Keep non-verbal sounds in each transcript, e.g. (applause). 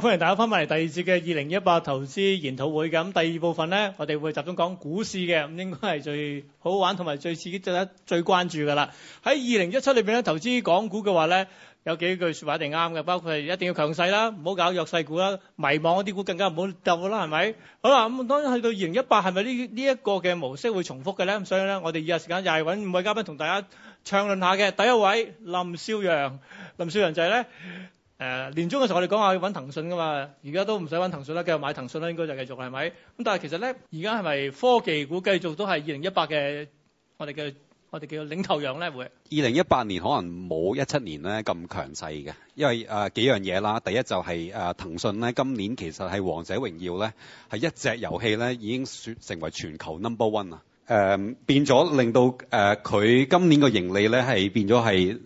歡迎大家翻返嚟第二節嘅二零一八投資研討會嘅咁第二部分咧，我哋會集中講股市嘅咁應該係最好玩同埋最刺激、最最關注嘅啦。喺二零一七裏邊咧，投資港股嘅話咧，有幾句説話一定啱嘅，包括係一定要強勢啦，唔好搞弱勢股啦，迷茫嗰啲股更加唔好鬥啦，係咪？好啦，咁當然去到二零一八係咪呢呢一個嘅模式會重複嘅咧？咁所以咧，我哋以下時間又係搵五位嘉賓同大家暢論下嘅。第一位林少陽，林少陽就係咧。誒年中嘅時候，我哋講話要揾騰訊㗎嘛，而家都唔使揾騰訊啦，繼續買騰訊啦，應該就繼續係咪？咁但係其實咧，而家係咪科技股繼續都係二零一八嘅我哋嘅我哋叫領頭羊咧？會二零一八年可能冇一七年咧咁強勢嘅，因為誒、呃、幾樣嘢啦。第一就係誒騰訊咧，今年其實係《王者榮耀》呢咧係一隻遊戲咧已經成成為全球 number one 啊。誒、呃、變咗令到誒佢、呃、今年嘅盈利咧係變咗係。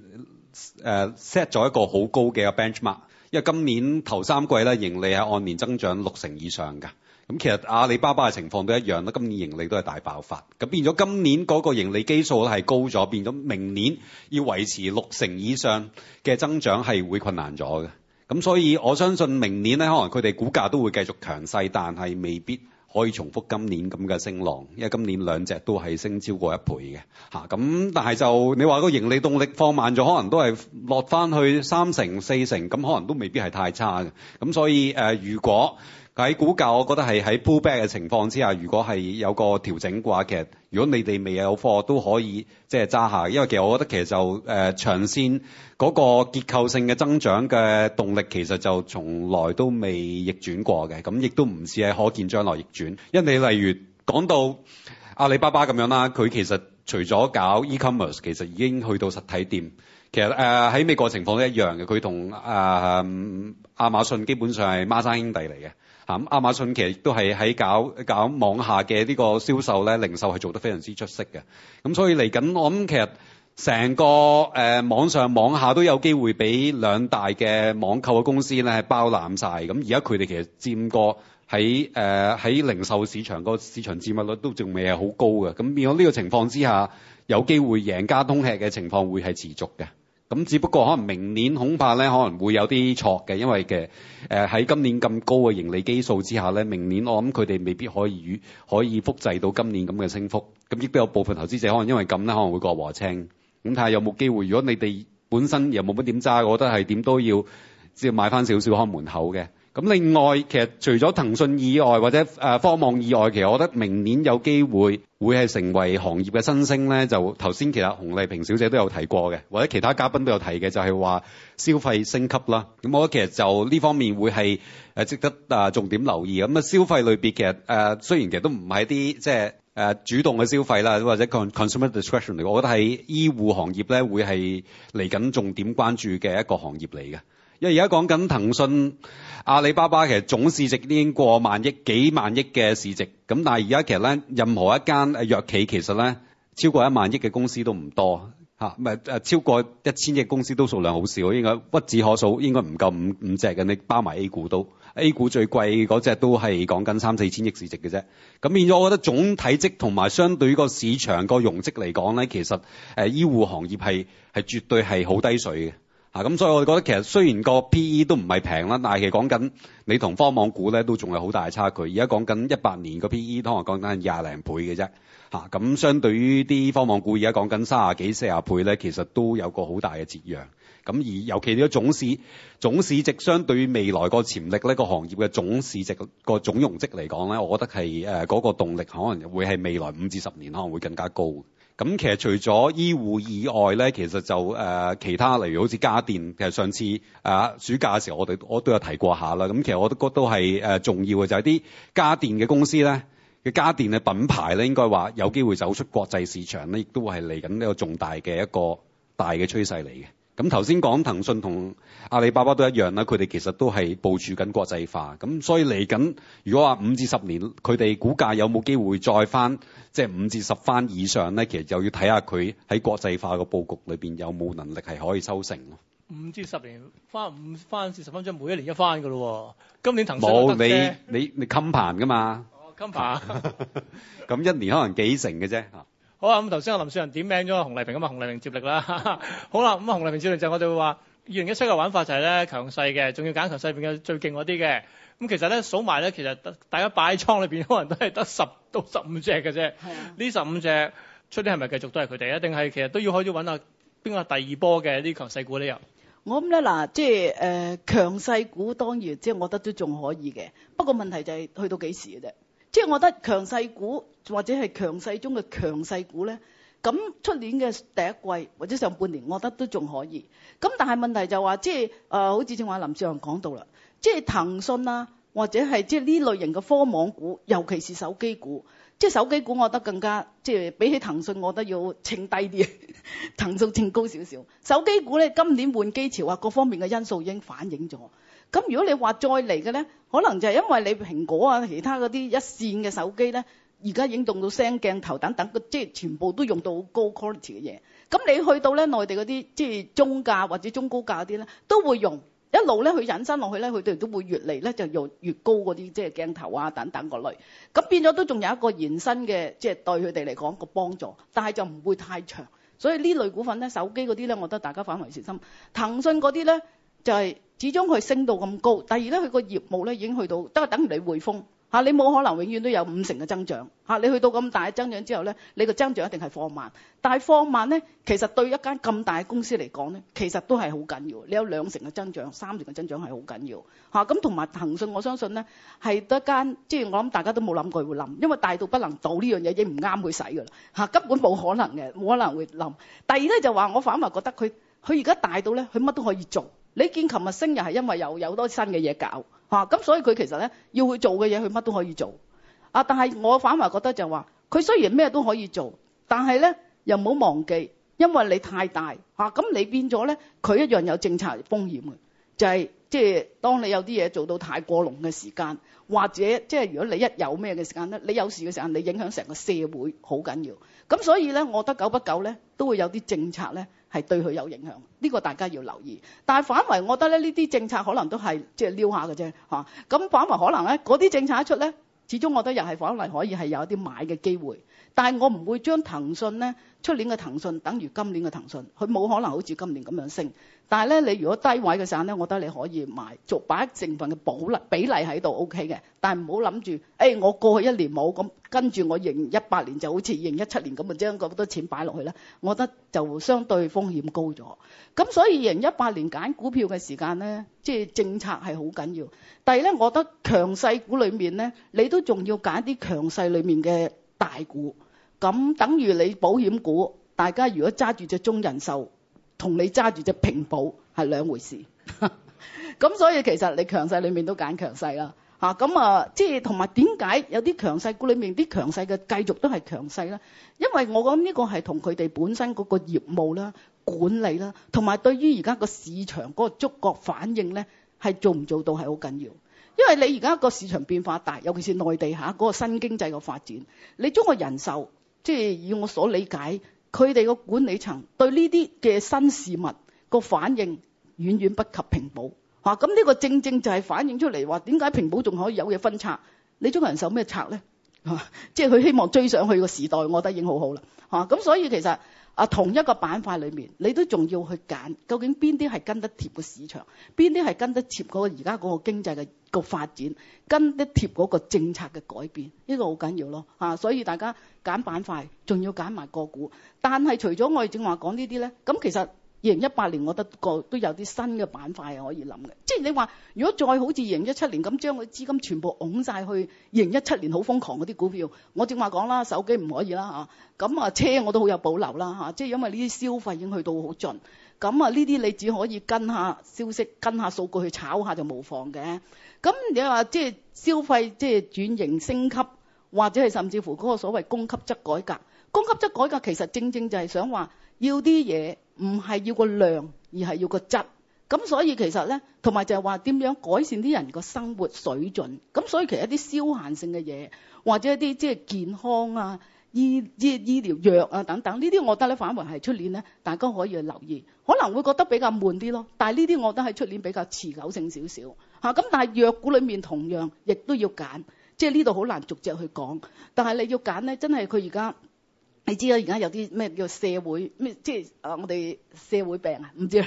呃、uh, set 咗一個好高嘅 benchmark，因為今年頭三季咧盈利係按年增長六成以上㗎，咁其實阿里巴巴嘅情況都一樣啦，今年盈利都係大爆發，咁變咗今年嗰個盈利基數咧係高咗，變咗明年要維持六成以上嘅增長係會困難咗嘅，咁所以我相信明年咧可能佢哋股價都會繼續強勢，但係未必可以重複今年咁嘅升浪，因為今年兩隻都係升超過一倍嘅吓。咁但係就你話個盈利動力放慢咗，可能都係落翻去三成四成，咁可能都未必係太差嘅，咁所以誒、呃，如果喺估價，我覺得係喺 pullback 嘅情況之下，如果係有個調整嘅話，其實如果你哋未有貨都可以即係揸下，因為其實我覺得其實就、呃、長線嗰、那個結構性嘅增長嘅動力其實就從來都未逆轉過嘅，咁亦都唔似係可見將來逆轉。因為你例如講到阿里巴巴咁樣啦，佢其實除咗搞 e-commerce，其實已經去到實體店。其實誒喺、呃、美國情況都一樣嘅，佢同亞馬遜基本上係孖生兄弟嚟嘅。嚇，亞馬遜其實亦都係喺搞搞網下嘅呢個銷售咧，零售係做得非常之出色嘅。咁所以嚟緊，我諗其實成個誒、呃、網上網下都有機會俾兩大嘅網購嘅公司咧係包攬晒。咁而家佢哋其實佔過喺誒喺零售市場個市場佔有率都仲未係好高嘅。咁變咗呢個情況之下，有機會贏家通吃嘅情況會係持續嘅。咁只不過可能明年恐怕咧可能會有啲錯嘅，因為嘅喺、呃、今年咁高嘅盈利基數之下咧，明年我諗佢哋未必可以可以複製到今年咁嘅升幅，咁亦都有部分投資者可能因為咁咧可能會過和清，咁睇下有冇機會。如果你哋本身又冇乜點揸，我覺得係點都要即要買翻少少看門口嘅。咁另外，其實除咗騰訊以外，或者誒、啊、科網以外，其實我覺得明年有機會會係成為行業嘅新星咧。就頭先其實洪麗萍小姐都有提過嘅，或者其他嘉賓都有提嘅，就係、是、話消費升級啦。咁我覺得其實就呢方面會係值得啊重點留意。咁啊，消費類別其實、啊、雖然其實都唔係一啲即係主動嘅消費啦，或者 consumer discretion 嚟 r 嚟，我覺得喺醫護行業咧會係嚟緊重點關注嘅一個行業嚟嘅，因為而家講緊騰訊。阿里巴巴其實總市值已經過萬億、幾萬億嘅市值，咁但係而家其實咧，任何一間啊、藥企其實咧超過一萬億嘅公司都唔多吓，唔係、啊啊、超過一千億公司都數量好少，應該屈指可數，應該唔夠五五隻嘅，你包埋 A 股都，A 股最貴嗰隻都係講緊三四千億市值嘅啫。咁變咗，我覺得總體積同埋相對於個市場個容積嚟講咧，其實、呃、醫護行業係係絕對係好低水嘅。咁、啊、所以我哋覺得其實雖然個 P E 都唔係平啦，但係講緊你同科網股咧都仲有好大嘅差距。在在 PE，而家講緊一百年個 P E，可能講緊廿零倍嘅啫。咁、啊、相對於啲科網股在在，而家講緊三啊幾四十倍咧，其實都有個好大嘅節約。咁、啊、而尤其呢個總市總市值相對於未來個潛力呢個行業嘅總市值個總容積嚟講咧，我覺得係嗰、呃那個動力可能會係未來五至十年可能會更加高。咁其實除咗醫護以外咧，其實就、呃、其他例如好似家電，其實上次啊、呃、暑假嘅時候我，我哋我都有提過下啦。咁其實我都覺得都係、呃、重要嘅，就係啲家電嘅公司咧嘅家電嘅品牌咧，應該話有機會走出國際市場咧，亦都係嚟緊一個重大嘅一個大嘅趨勢嚟嘅。咁頭先講騰訊同阿里巴巴都一樣啦，佢哋其實都係部署緊國際化，咁所以嚟緊如果話、就是、五至十年，佢哋股價有冇機會再翻，即係五至十番以上咧？其實就要睇下佢喺國際化嘅佈局裏邊有冇能力係可以收成咯。五至十年翻五翻四十分鐘，即係每一年一翻㗎咯喎。今年騰訊冇你你你砍盤噶嘛？哦，砍盤。咁一年可能幾成嘅啫嚇。好啊！咁頭先阿林少仁點名咗洪麗萍咁啊，洪、嗯、麗萍接力啦。 (laughs) 好啦，咁、嗯、啊，洪麗萍接力就我哋會話二零一七嘅玩法就係咧強勢嘅，仲要揀強勢邊嘅最勁嗰啲嘅。咁、嗯、其實咧數埋咧，其實大家擺喺倉裏面可能都係得十到十五隻嘅啫。呢的十五隻出啲係咪繼續都係佢哋啊？定係其實都要開始揾下邊個第二波嘅呢我、呃、強勢股呢？又我諗咧嗱，即係強勢股當然即係我覺得都仲可以嘅，不過問題就係、是、去到幾時嘅啫。即係我覺得強勢股或者係強勢中嘅強勢股咧，咁出年嘅第一季或者上半年，我覺得都仲可以。咁但係問題就話、是，即係誒、呃，好似正話林少陽講到啦，即係騰訊啊，或者係即係呢類型嘅科網股，尤其是手機股。即係手機股，我覺得更加即係比起騰訊，我覺得要稱低啲，騰訊稱高少少。手機股咧，今年換機潮啊，各方面嘅因素已經反映咗。咁如果你話再嚟嘅咧，可能就係因為你蘋果啊，其他嗰啲一線嘅手機咧，而家已經用到聲鏡頭等等，即係全部都用到高 quality 嘅嘢。咁你去到咧內地嗰啲，即係中價或者中高價嗰啲咧，都會用一路咧去引申落去咧，佢哋都會越嚟咧就用越，越高嗰啲即係鏡頭啊等等個類。咁變咗都仲有一個延伸嘅，即係對佢哋嚟講個幫助，但係就唔會太長。所以呢類股份咧，手機嗰啲咧，我覺得大家反為小心。騰訊嗰啲咧就係。始終佢升到咁高，第二咧佢個業務咧已經去到，都係等於你匯豐、啊、你冇可能永遠都有五成嘅增長、啊、你去到咁大嘅增長之後咧，你個增長一定係放慢，但係放慢咧，其實對一間咁大嘅公司嚟講咧，其實都係好緊要，你有兩成嘅增長、三成嘅增長係好緊要。咁同埋騰訊，啊、騰訊我相信咧係一間，即、就、係、是、我諗大家都冇諗過會冧，因為大到不能倒呢樣嘢已經唔啱佢使㗎啦嚇，根、啊、本冇可能嘅，冇可能會冧。第二咧就話，我反而覺得佢佢而家大到咧，佢乜都可以做。你見琴日升又係因為有有好多新嘅嘢搞吓咁、啊、所以佢其實咧要去做嘅嘢佢乜都可以做啊！但係我反而覺得就係話，佢雖然咩都可以做，但係咧又唔好忘記，因為你太大吓咁、啊、你變咗咧佢一樣有政策風險嘅，就係、是。即係當你有啲嘢做到太過濃嘅時間，或者即係如果你一有咩嘅時間咧，你有事嘅時間你影響成個社會好緊要。咁所以咧，我覺得久不久咧都會有啲政策咧係對佢有影響，呢個大家要留意。但係反為我覺得咧，呢啲政策可能都係即係撩下嘅啫嚇。咁反為可能咧，嗰啲政策一出咧，始終我覺得又係反為可以係有一啲買嘅機會。但係我唔會將騰訊咧。出年嘅騰訊等於今年嘅騰訊，佢冇可能好似今年咁樣升。但係呢，你如果低位嘅時候咧，我覺得你可以買，做擺一分嘅保比例喺度 O K 嘅。但係唔好諗住，誒我過去一年冇咁，跟住我迎一八年就好似迎一七年咁樣，將咁多錢擺落去咧，我覺得就相對風險高咗。所以迎一八年揀股票嘅時間呢，即係政策係好緊要。但係呢，我覺得強勢股裡面呢，你都仲要揀啲強勢裡面嘅大股。咁等於你保險股，大家如果揸住隻中人壽，同你揸住隻平保係兩回事。咁 (laughs) 所以其實你強勢裏面都揀強勢啦嚇。咁啊，啊，即係同埋點解有啲強勢股裏面啲強勢嘅繼續都係強勢咧？因為我諗呢個係同佢哋本身嗰個業務啦、管理啦，同埋對於而家個市場嗰個觸覺反應咧，係做唔做到係好緊要。因為你而家個市場變化大，尤其是內地下嗰個新經濟嘅發展，你中國人壽。即係以我所理解，佢哋個管理層對呢啲嘅新事物個反應遠遠不及平保。吓、啊，咁呢個正正就係反映出嚟話，點解平保仲可以有嘢分拆？你中國人受咩拆咧？吓、啊，即係佢希望追上去個時代，我覺得已經好好啦。吓、啊，咁所以其實。啊，同一個板塊裏面，你都仲要去揀，究竟邊啲係跟得貼個市場，邊啲係跟得貼嗰個而家個經濟嘅個發展，跟得貼嗰個政策嘅改變，呢個好緊要咯吓。所以大家揀板塊，仲要揀埋個股，但係除咗我正話講呢啲咧，咁其實。二零一八年，我覺得個都有啲新嘅板塊係可以諗嘅。即係你話，如果再好似二零一七年咁，將個資金全部拱晒去二零一七年好瘋狂嗰啲股票，我正話講啦，手機唔可以啦嚇。咁啊，車我都好有保留啦嚇，即係因為呢啲消費已經去到好盡。咁啊，呢啲你只可以跟下消息、跟下數據去炒下就無妨嘅。咁你話即係消費即係轉型升級，或者係甚至乎嗰個所謂供給側改革。供給側改革其實正正就係想話要啲嘢。唔係要個量，而係要個質。咁所以其實咧，同埋就係話點樣改善啲人個生活水準。咁所以其實一啲消閒性嘅嘢，或者一啲即係健康啊、醫醫醫療藥啊等等，呢啲我覺得咧，反為係出年咧，大家可以去留意。可能會覺得比較悶啲咯，但係呢啲我覺得係出年比較持久性少少嚇。咁、啊、但係藥股裏面同樣亦都要揀，即係呢度好難逐隻去講。但係你要揀咧，真係佢而家。你知啦，而家有啲咩叫社會咩？即係、啊、我哋社會病啊，唔知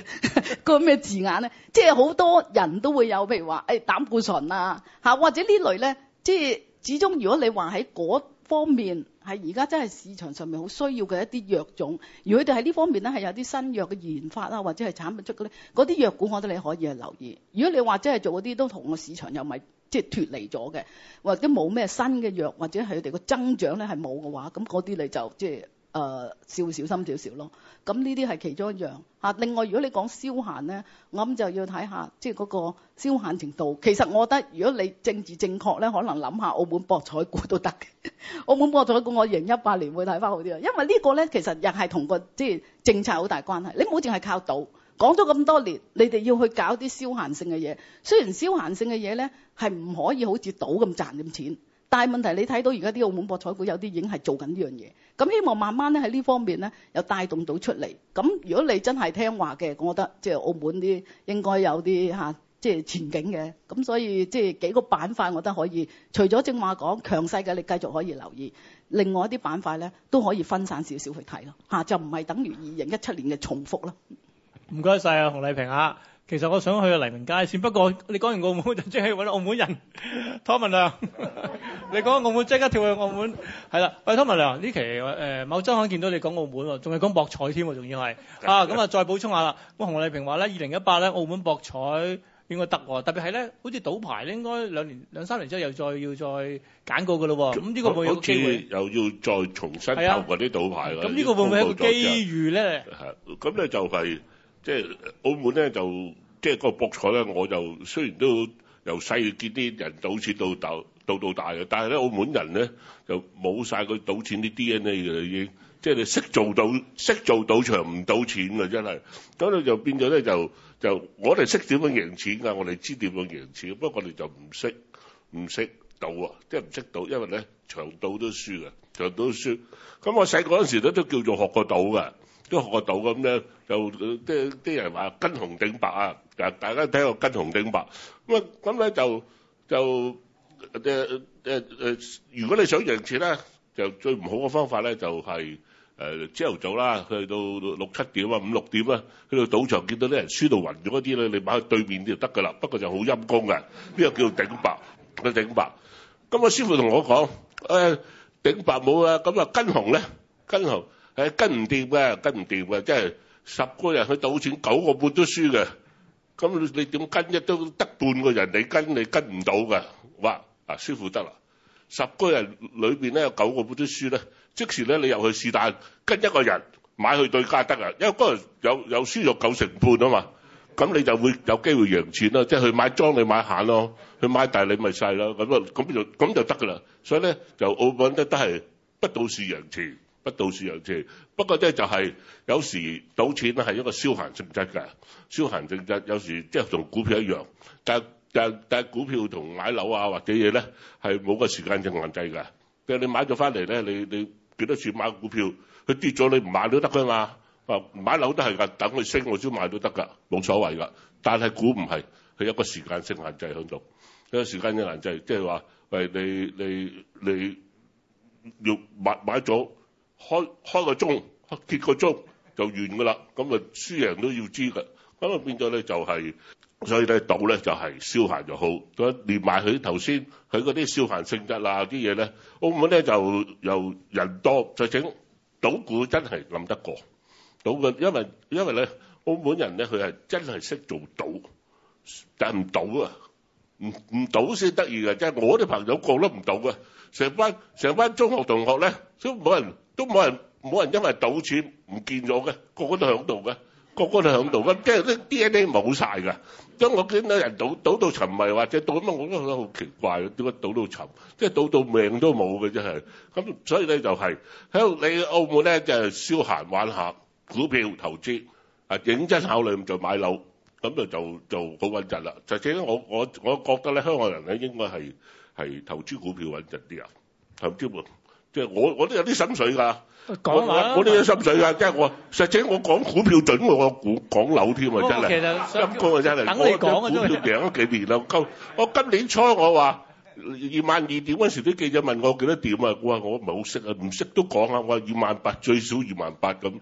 個咩字眼咧。即係好多人都會有，譬如話誒、哎、膽固醇啊，或者呢類咧，即係始終如果你話喺嗰方面係而家真係市場上面好需要嘅一啲藥種。如果佢喺呢方面咧係有啲新藥嘅研發啦、啊，或者係產品出嘅咧，嗰啲藥股我覺得你可以留意。如果你話真係做嗰啲都同個市場又咪。即係脫離咗嘅，或者冇咩新嘅藥，或者係佢哋個增長咧係冇嘅話，咁嗰啲你就即係誒少小心少少咯。咁呢啲係其中一樣嚇。另外，如果你講消閒咧，我諗就要睇下即係嗰個消閒程度。其實我覺得，如果你政治正確咧，可能諗下澳門博彩股都得嘅。澳門博彩股我贏一百年會睇翻好啲啊，因為呢個咧其實又係同個即係政策好大關係。你唔好淨係靠賭。講咗咁多年，你哋要去搞啲消閒性嘅嘢。雖然消閒性嘅嘢咧係唔可以好似賭咁賺咁錢，但係問題你睇到而家啲澳門博彩股有啲已經係做緊呢樣嘢。咁希望慢慢咧喺呢方面咧又帶動到出嚟。咁如果你真係聽話嘅，我覺得即係澳門啲應該有啲嚇即係前景嘅。咁所以即係幾個板塊我都可以，除咗正話講強勢嘅，你繼續可以留意。另外一啲板塊咧都可以分散少少去睇咯嚇，就唔係等於二零一七年嘅重複咯。唔該曬啊，洪麗萍啊，其實我想去黎明街先，不過你講完澳門就即刻去揾澳門人。湯文亮，你講澳門即刻跳去澳門，係啦。喂，湯文亮，呢期誒某週刊見到你講澳門喎，仲係講博彩添喎，仲要係啊，咁啊再補充下啦。咁洪麗萍話咧，二零一八咧，澳門博彩應該得喎，特別係咧，好似賭牌咧，應該兩年兩三年之後又再要再揀過噶咯喎。咁呢個會唔會有機會？又要再重新透過啲賭牌咧？咁呢個會唔會係一個機遇咧？係，咁咧就係。即係澳門呢，就即係嗰個博彩呢，我就雖然都由細見啲人賭錢到大，到到大嘅，但係呢澳門人呢，就冇曬佢賭錢啲 DNA 嘅啦，已經即係你識做賭，識做賭場唔賭錢嘅真係，咁你就變咗呢，就就我哋識點樣贏錢㗎，我哋知點樣贏錢，不過我哋就唔識唔識賭啊，即係唔識賭，因為呢長賭都輸嘅，長賭都輸。咁我細個嗰陣時咧都叫做學過賭嘅。都學過賭嘅咁咧，就即係啲人話跟紅頂白啊，誒，大家睇個跟紅頂白咁啊，咁咧就就誒誒誒，如果你想贏錢咧，就最唔好嘅方法咧就係誒朝頭早啦，去到六七點啊，五六點啊，去到賭場見到啲人輸到暈咗嗰啲咧，你擺去對面啲就得㗎啦。不過就好陰功嘅，呢個叫頂白？個頂白。咁啊，師傅同我講誒，頂白冇啊，咁啊跟紅咧，跟紅。係跟唔掂嘅，跟唔掂嘅，即係十個人去賭錢，九個半都輸嘅。咁你你點跟一都得半個人你跟你跟唔到嘅，哇！啊，師傅得啦。十個人裏面咧有九個半都輸咧，即使咧你又去試，但跟一個人買去對家得啦，因為嗰人有有輸咗九成半啊嘛。咁你就會有機會贏錢啦，即係去買莊你買閒咯，去買大你咪細啦。咁啊咁就咁就得噶啦。所以咧就我覺得都係不賭是贏錢。到處有錢，不過即係就係有時賭錢咧係一個消閒性質嘅。消閒性質有時即係同股票一樣，但但但係股票同買樓啊或者嘢咧係冇個時間性限制嘅，即係你買咗翻嚟咧，你你幾多錢買股票，佢跌咗你唔買都得㗎嘛。啊買樓都係㗎，等佢升我先買都得㗎，冇所謂㗎。但係股唔係，係一個時間性限制喺度，一個時間性限制，即係話誒你你你要買買咗。開開個鐘，結個鐘就完噶啦。咁啊輸贏都要知噶。咁啊變咗咧就係，所以咧賭咧就係消閒就好。所以連埋佢頭先佢嗰啲消閒性質啊啲嘢咧，澳門咧就由人多，就整賭股真係諗得過。賭嘅因為因為咧，澳門人咧佢係真係識做賭，但唔賭啊，唔唔賭先得意嘅。即係我啲朋友過都唔賭嘅，成班成班中學同學咧都冇人。都冇人冇人，因為賭錢唔見咗嘅，個個都喺度嘅，個個都喺度咁，即係啲 DNA 冇晒㗎。咁我見到人賭賭到沉迷，或者賭咁，我都覺得好奇怪，點解賭到沉？即係賭到命都冇嘅，真係。咁所以咧就係喺你澳門咧就係消閒玩下股票投資，啊認真考慮唔做買樓，咁啊就就好穩陣啦。實際咧我我我覺得咧，香港人咧應該係係投資股票穩陣啲啊，投資我我都有啲心水㗎，我我我都有啲心水㗎，即係我實際我講股票準喎，我股講樓添㗎，真係。其實陰股啊，真係。等你講啊，都係。我股票定咗幾年啦，今我今年初我話二萬二點嗰時，啲記者問我幾多點啊？我話我唔係好識啊，唔識都講啊。我話二萬八，最少二萬八咁。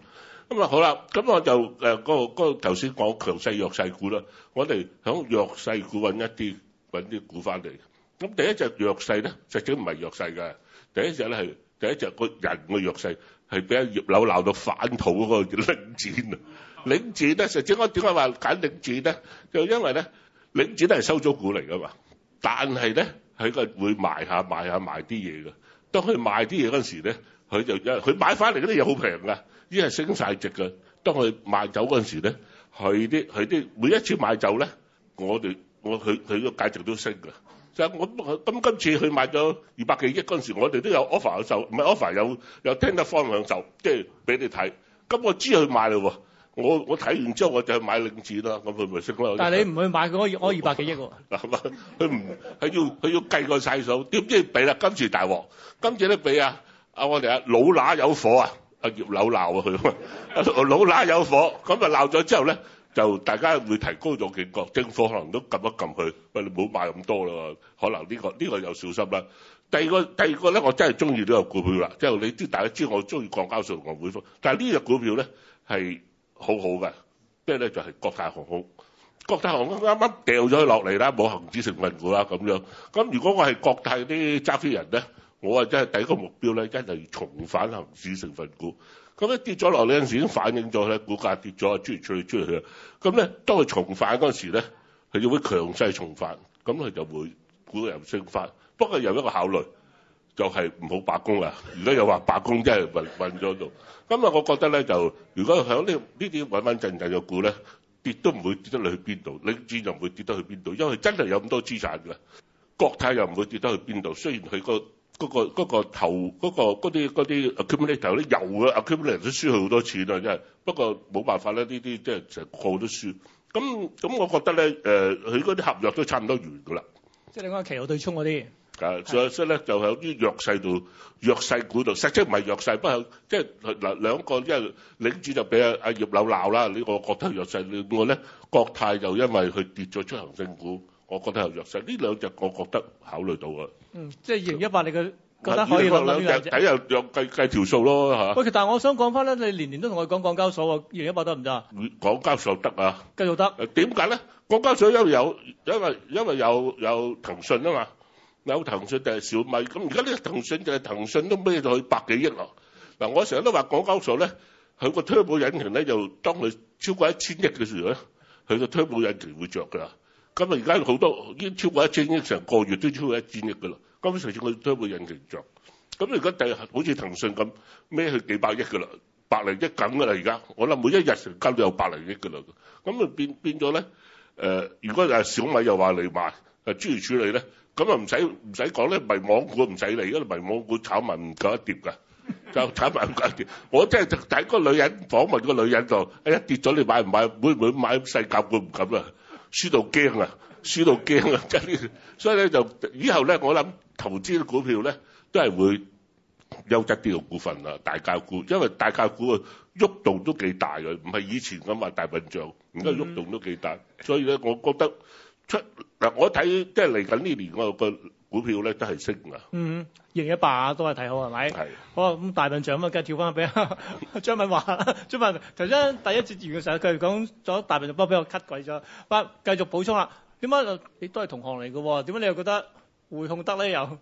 咁啊好啦，咁我就誒嗰個嗰個頭先講強勢弱勢股啦。我哋響弱勢股揾一啲揾啲股翻嚟。咁第一隻弱勢咧，實際唔係弱勢嘅。第一隻咧係。第一隻個人嘅弱勢係俾阿葉劉鬧到反肚嗰個領展啊！領展咧，成日點解點解話揀領展咧？就因為咧，領展係收租股嚟噶嘛。但係咧，佢個會賣一下賣一下賣啲嘢嘅。當佢賣啲嘢嗰陣時咧，佢就佢因為佢買翻嚟嗰啲嘢好平噶，依係升晒值嘅。當佢賣走嗰陣時咧，佢啲佢啲每一次賣走咧，我哋我佢佢個價值都升嘅。我咁今次佢買咗二百幾億嗰陣時，我哋都有 offer 享唔係 offer 有售 off、er，有聽得方向就即係俾你睇。咁我知佢買嘞喎，我我睇完之後我就去買領展啦。咁佢咪升啦？但係你唔去買，佢可以攞二百幾億喎。佢唔係要佢要計個晒數，點知俾啦？今次大鑊，今次咧俾啊啊！我哋啊老乸有火啊！阿、啊、葉劉鬧啊佢、啊，老乸有火咁咪鬧咗之後咧。就大家會提高咗警覺，政府可能都撳一撳佢，喂，你唔好買咁多啦，可能呢個呢個又小心啦。第二個第二個咧，我真係中意呢個股票啦，即係你啲大家知我中意港交所同匯豐，但係呢隻股票咧係好好嘅，即係咧就係國泰航空，國泰航空啱啱掉咗佢落嚟啦，冇恆指成分股啦咁樣。咁如果我係國泰啲揸飛人咧？我啊真係第一個目標咧，一係要重返恆指成分股。咁一跌咗落，嗰陣時已經反映咗咧，股價跌咗，出嚟出嚟出嚟。咁咧，當佢重返嗰陣時咧，佢就會強勢重返。咁佢就會股又升翻。不過有一個考慮，就係唔好罷工啦。如果又話罷工，真係混混咗度。咁啊，我覺得咧，就如果響呢呢啲穩穩陣陣嘅股咧，跌都唔會跌得你去邊度，你跌就唔會跌得去邊度，因為真係有咁多資產嘅。國泰又唔會跌得去邊度，雖然佢個。嗰、那個嗰、那個頭嗰、那個嗰啲嗰啲 accumulator 啲油啊 accumulator 都輸好多錢啊真係。不過冇辦法啦，呢啲即係成個都輸。咁咁我覺得咧，誒佢嗰啲合約都差唔多完㗎啦。即係你講期貨對沖嗰啲。係、啊，所以咧就係有啲弱勢度弱勢股度，即唔係弱勢，不過即係嗱兩個，因為領主就俾阿阿葉柳鬧啦，呢、這個，覺得弱勢，另外咧國泰就因為佢跌咗出行政股。我覺得係弱勢，呢兩隻我覺得考慮到啊。嗯，即係二零一八你嘅覺得可以講乜嘢啫？睇又又計計條數咯嚇。喂，但係我想講翻咧，你年年都同我講港交所喎，二零一八得唔得啊？港交所得啊，繼續得。點解咧？港交所因為有，因為因為有有騰訊啊嘛，有騰訊就係小米。咁而家呢個騰訊就係騰訊都咩到去百幾億啊？嗱，啊，我成日都話港交所咧，佢個推普引擎咧，就當佢超過一千億嘅時候咧，佢個推普引擎會著㗎喇。咁啊！而家好多已經超過一千億，成個月都超過一千億噶啦。咁上次佢都會引頸咗。咁而家第日好似騰訊咁，孭佢幾百億噶啦，百零億咁噶啦而家。我諗每一日成交都有百零億噶啦。咁啊變變咗咧？誒、呃，如果小米又話你買誒珠處理咧，咁啊唔使唔使講咧，迷網股唔使嚟，因為迷網股炒埋唔夠一碟噶，就炒埋唔夠一碟。我真係第個個女人訪問個女人度，一、哎、跌咗你買唔買？會唔會買細價股唔敢啦？輸到驚啊！輸到驚啊！真係，所以咧就以後咧，我諗投資啲股票咧都係會優質啲嘅股份啊，大價股，因為大價股嘅喐動度都幾大嘅、啊，唔係以前咁啊。大笨象，而家喐動度都幾大，嗯、所以咧，我覺得出嗱，我睇即係嚟緊呢年我個。股票咧都係升啊！嗯，贏一把都係睇好係咪？係的好咁大笨象咁啊，繼續跳翻去俾張敏華。 (laughs) 張敏頭先第一節完嘅時候，佢講咗大笨象不過俾我 cut 鬼咗。不，繼續補充下，點解你都係同行嚟嘅？點解你又覺得匯控得咧？又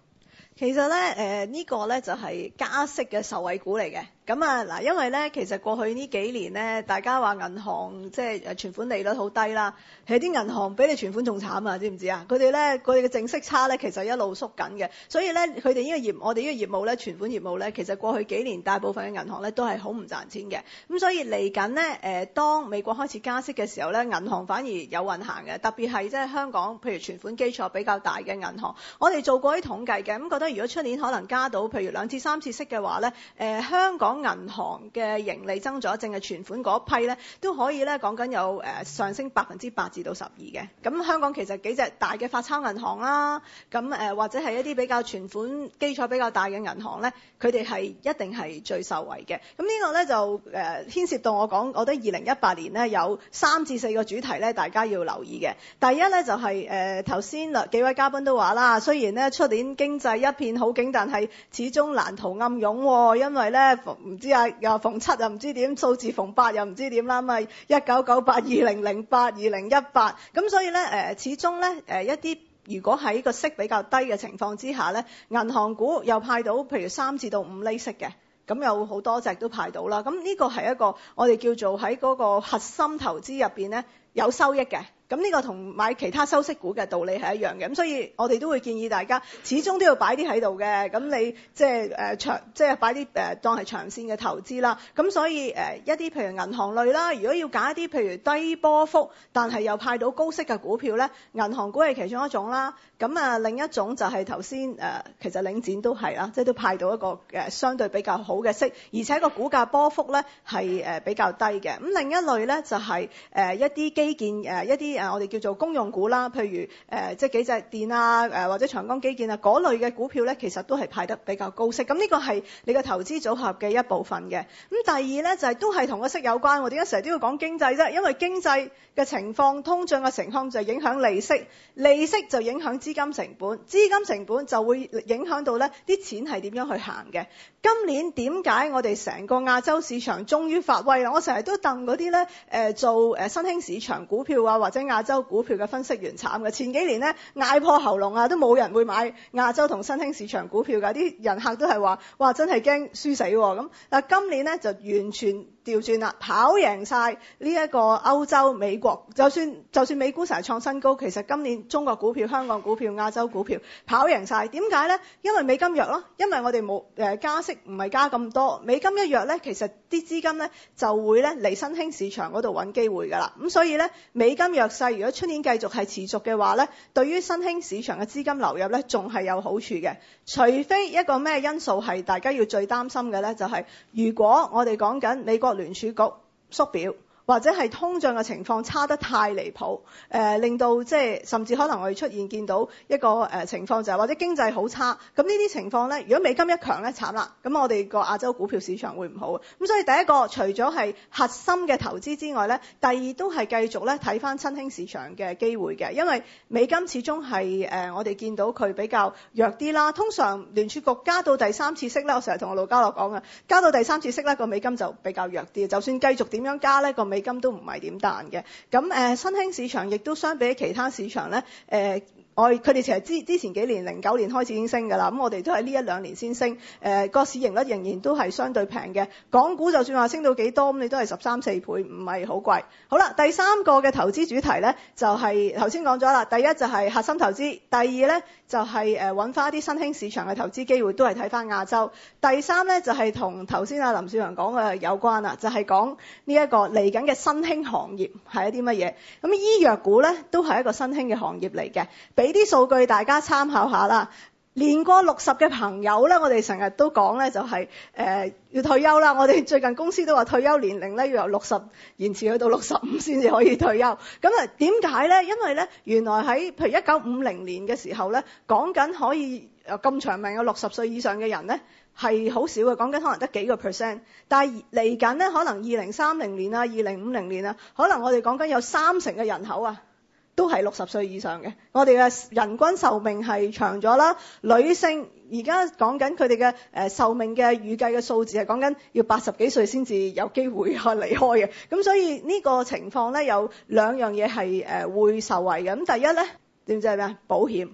其實咧，呢、呃呢個咧就係加息嘅受惠股嚟嘅。咁啊嗱，因為咧，其實過去呢幾年咧，大家話銀行即係、就是、存款利率好低啦，其實啲銀行比你存款仲慘啊，知唔知啊？佢哋咧，佢哋嘅淨息差咧，其實一路縮緊嘅，所以咧，佢哋呢個業，我哋呢個業務咧，存款業務咧，其實過去幾年大部分嘅銀行咧都係好唔賺錢嘅。咁所以嚟緊咧，誒、呃，當美國開始加息嘅時候咧，銀行反而有運行嘅，特別係即係香港，譬如存款基礎比較大嘅銀行，我哋做過啲統計嘅，咁覺得如果出年可能加到譬如兩至三次息嘅話咧，誒、呃，香港銀行嘅盈利增咗，淨係存款嗰批咧，都可以咧講緊有誒上升百分之八至到十二嘅。咁香港其實幾隻大嘅發鈔銀行啦，咁誒或者係一啲比較存款基礎比較大嘅銀行咧，佢哋係一定係最受惠嘅。咁呢個咧就誒牽涉到我講，我覺得二零一八年咧有三至四個主題咧，大家要留意嘅。第一咧就係誒頭先啦，幾位嘉賓都話啦，雖然咧出年經濟一片好景，但係始終難逃暗湧，因為咧，唔知啊，又逢七又唔知點，數字逢八又唔知點啦。咁啊，一九九八、二零零八、二零一八，咁所以咧，誒始終咧，誒一啲如果喺個息比較低嘅情況之下咧，銀行股又派到，譬如三至到五厘息嘅，咁有好多隻都派到啦。咁呢個係一個我哋叫做喺嗰個核心投資入面咧有收益嘅。咁呢個同買其他收息股嘅道理係一樣嘅，咁所以我哋都會建議大家始終都要擺啲喺度嘅。咁你即係長，即係擺啲當係長線嘅投資啦。咁所以一啲譬如銀行類啦，如果要揀一啲譬如低波幅，但係又派到高息嘅股票咧，銀行股係其中一種啦。咁啊另一種就係頭先其實領展都係啦，即係都派到一個相對比較好嘅息，而且個股價波幅咧係比較低嘅。咁另一類咧就係一啲基建一啲。誒，我哋叫做公用股啦，譬如誒、呃，即係幾隻電啊，或者長江基建啊，嗰類嘅股票咧，其實都係派得比較高息。咁呢個係你嘅投資組合嘅一部分嘅。咁第二咧就係、是、都係同個息有關。我點解成日都要講經濟啫？因為經濟嘅情況、通脹嘅情況就影響利息，利息就影響資金成本，資金成本就會影響到咧啲錢係點樣去行嘅。今年點解我哋成個亞洲市場終於發威啦？我成日都替嗰啲咧，做新興市場股票啊或者亞洲股票嘅分析員慘嘅。前幾年咧嗌破喉嚨啊，都冇人會買亞洲同新興市場股票㗎，啲人客都係話，哇，真係驚輸死喎，啊！咁嗱，今年呢，就完全，調轉啦，跑贏曬呢一個歐洲、美國，就算就算美股成日創新高，其實今年中國股票、香港股票、亞洲股票跑贏曬。點解呢？因為美金弱咯，因為我哋冇誒加息唔係加咁多，美金一弱呢，其實啲資金呢就會呢嚟新興市場嗰度揾機會㗎啦。咁所以呢，美金弱勢，如果出年繼續係持續嘅話呢，對於新興市場嘅資金流入呢，仲係有好處嘅。除非一個咩因素係大家要最擔心嘅呢，就係，就係如果我哋講緊美國。聯儲局縮表。或者係通脹嘅情況差得太離譜，呃，令到即、就、係、是、甚至可能我哋出現見到一個情況就係、是，或者經濟好差，咁呢啲情況咧，如果美金一強咧，慘啦，咁我哋個亞洲股票市場會唔好嘅。咁所以第一個除咗係核心嘅投資之外咧，第二都係繼續咧睇返新興市場嘅機會嘅，因為美金始終係誒我哋見到佢比較弱啲啦。通常聯儲局加到第三次息咧，我成日同我老家樂講嘅，加到第三次息咧個美金就比較弱啲，就算繼續點樣加呢個美。美金都唔係點彈嘅，咁誒、呃、新興市場亦都相比其他市場咧，誒我佢哋其實之之前幾年零九年開始已經升嘅啦，咁我哋都係呢一兩年先升，誒、呃、個市盈率仍然都係相對平嘅，港股就算話升到幾多，咁你都係十三四倍，唔係好貴。好啦，第三個嘅投資主題咧，就係頭先講咗啦，第一就係核心投資，第二咧。就係誒揾翻一啲新興市場嘅投資機會，都係睇翻亞洲。第三咧就係同頭先阿林少陽講嘅有關啦，就係、是、講呢一個嚟緊嘅新興行業是一些什麼，係一啲乜嘢？咁醫藥股咧都係一個新興嘅行業嚟嘅，俾啲數據大家參考一下啦。年過六十嘅朋友呢，我哋成日都講咧、就係，就、呃、係要退休啦。我哋最近公司都話退休年齡咧，要由六十延遲去到六十五先至可以退休。咁啊，點解咧？因為咧，原來喺譬如一九五零年嘅時候咧，講緊可以咁長命嘅六十歲以上嘅人咧，係好少嘅，講緊可能得幾個 percent。但係嚟緊咧，可能二零三零年啊，二零五零年啊，可能我哋講緊有三成嘅人口啊。都係六十歲以上嘅，我哋嘅人均壽命係長咗啦。女性而家講緊佢哋嘅誒壽命嘅預計嘅數字係講緊要八十幾歲先至有機會啊離開嘅，咁所以呢個情況咧，有兩樣嘢係誒會受惠嘅。咁第一咧點知係咩啊？保險。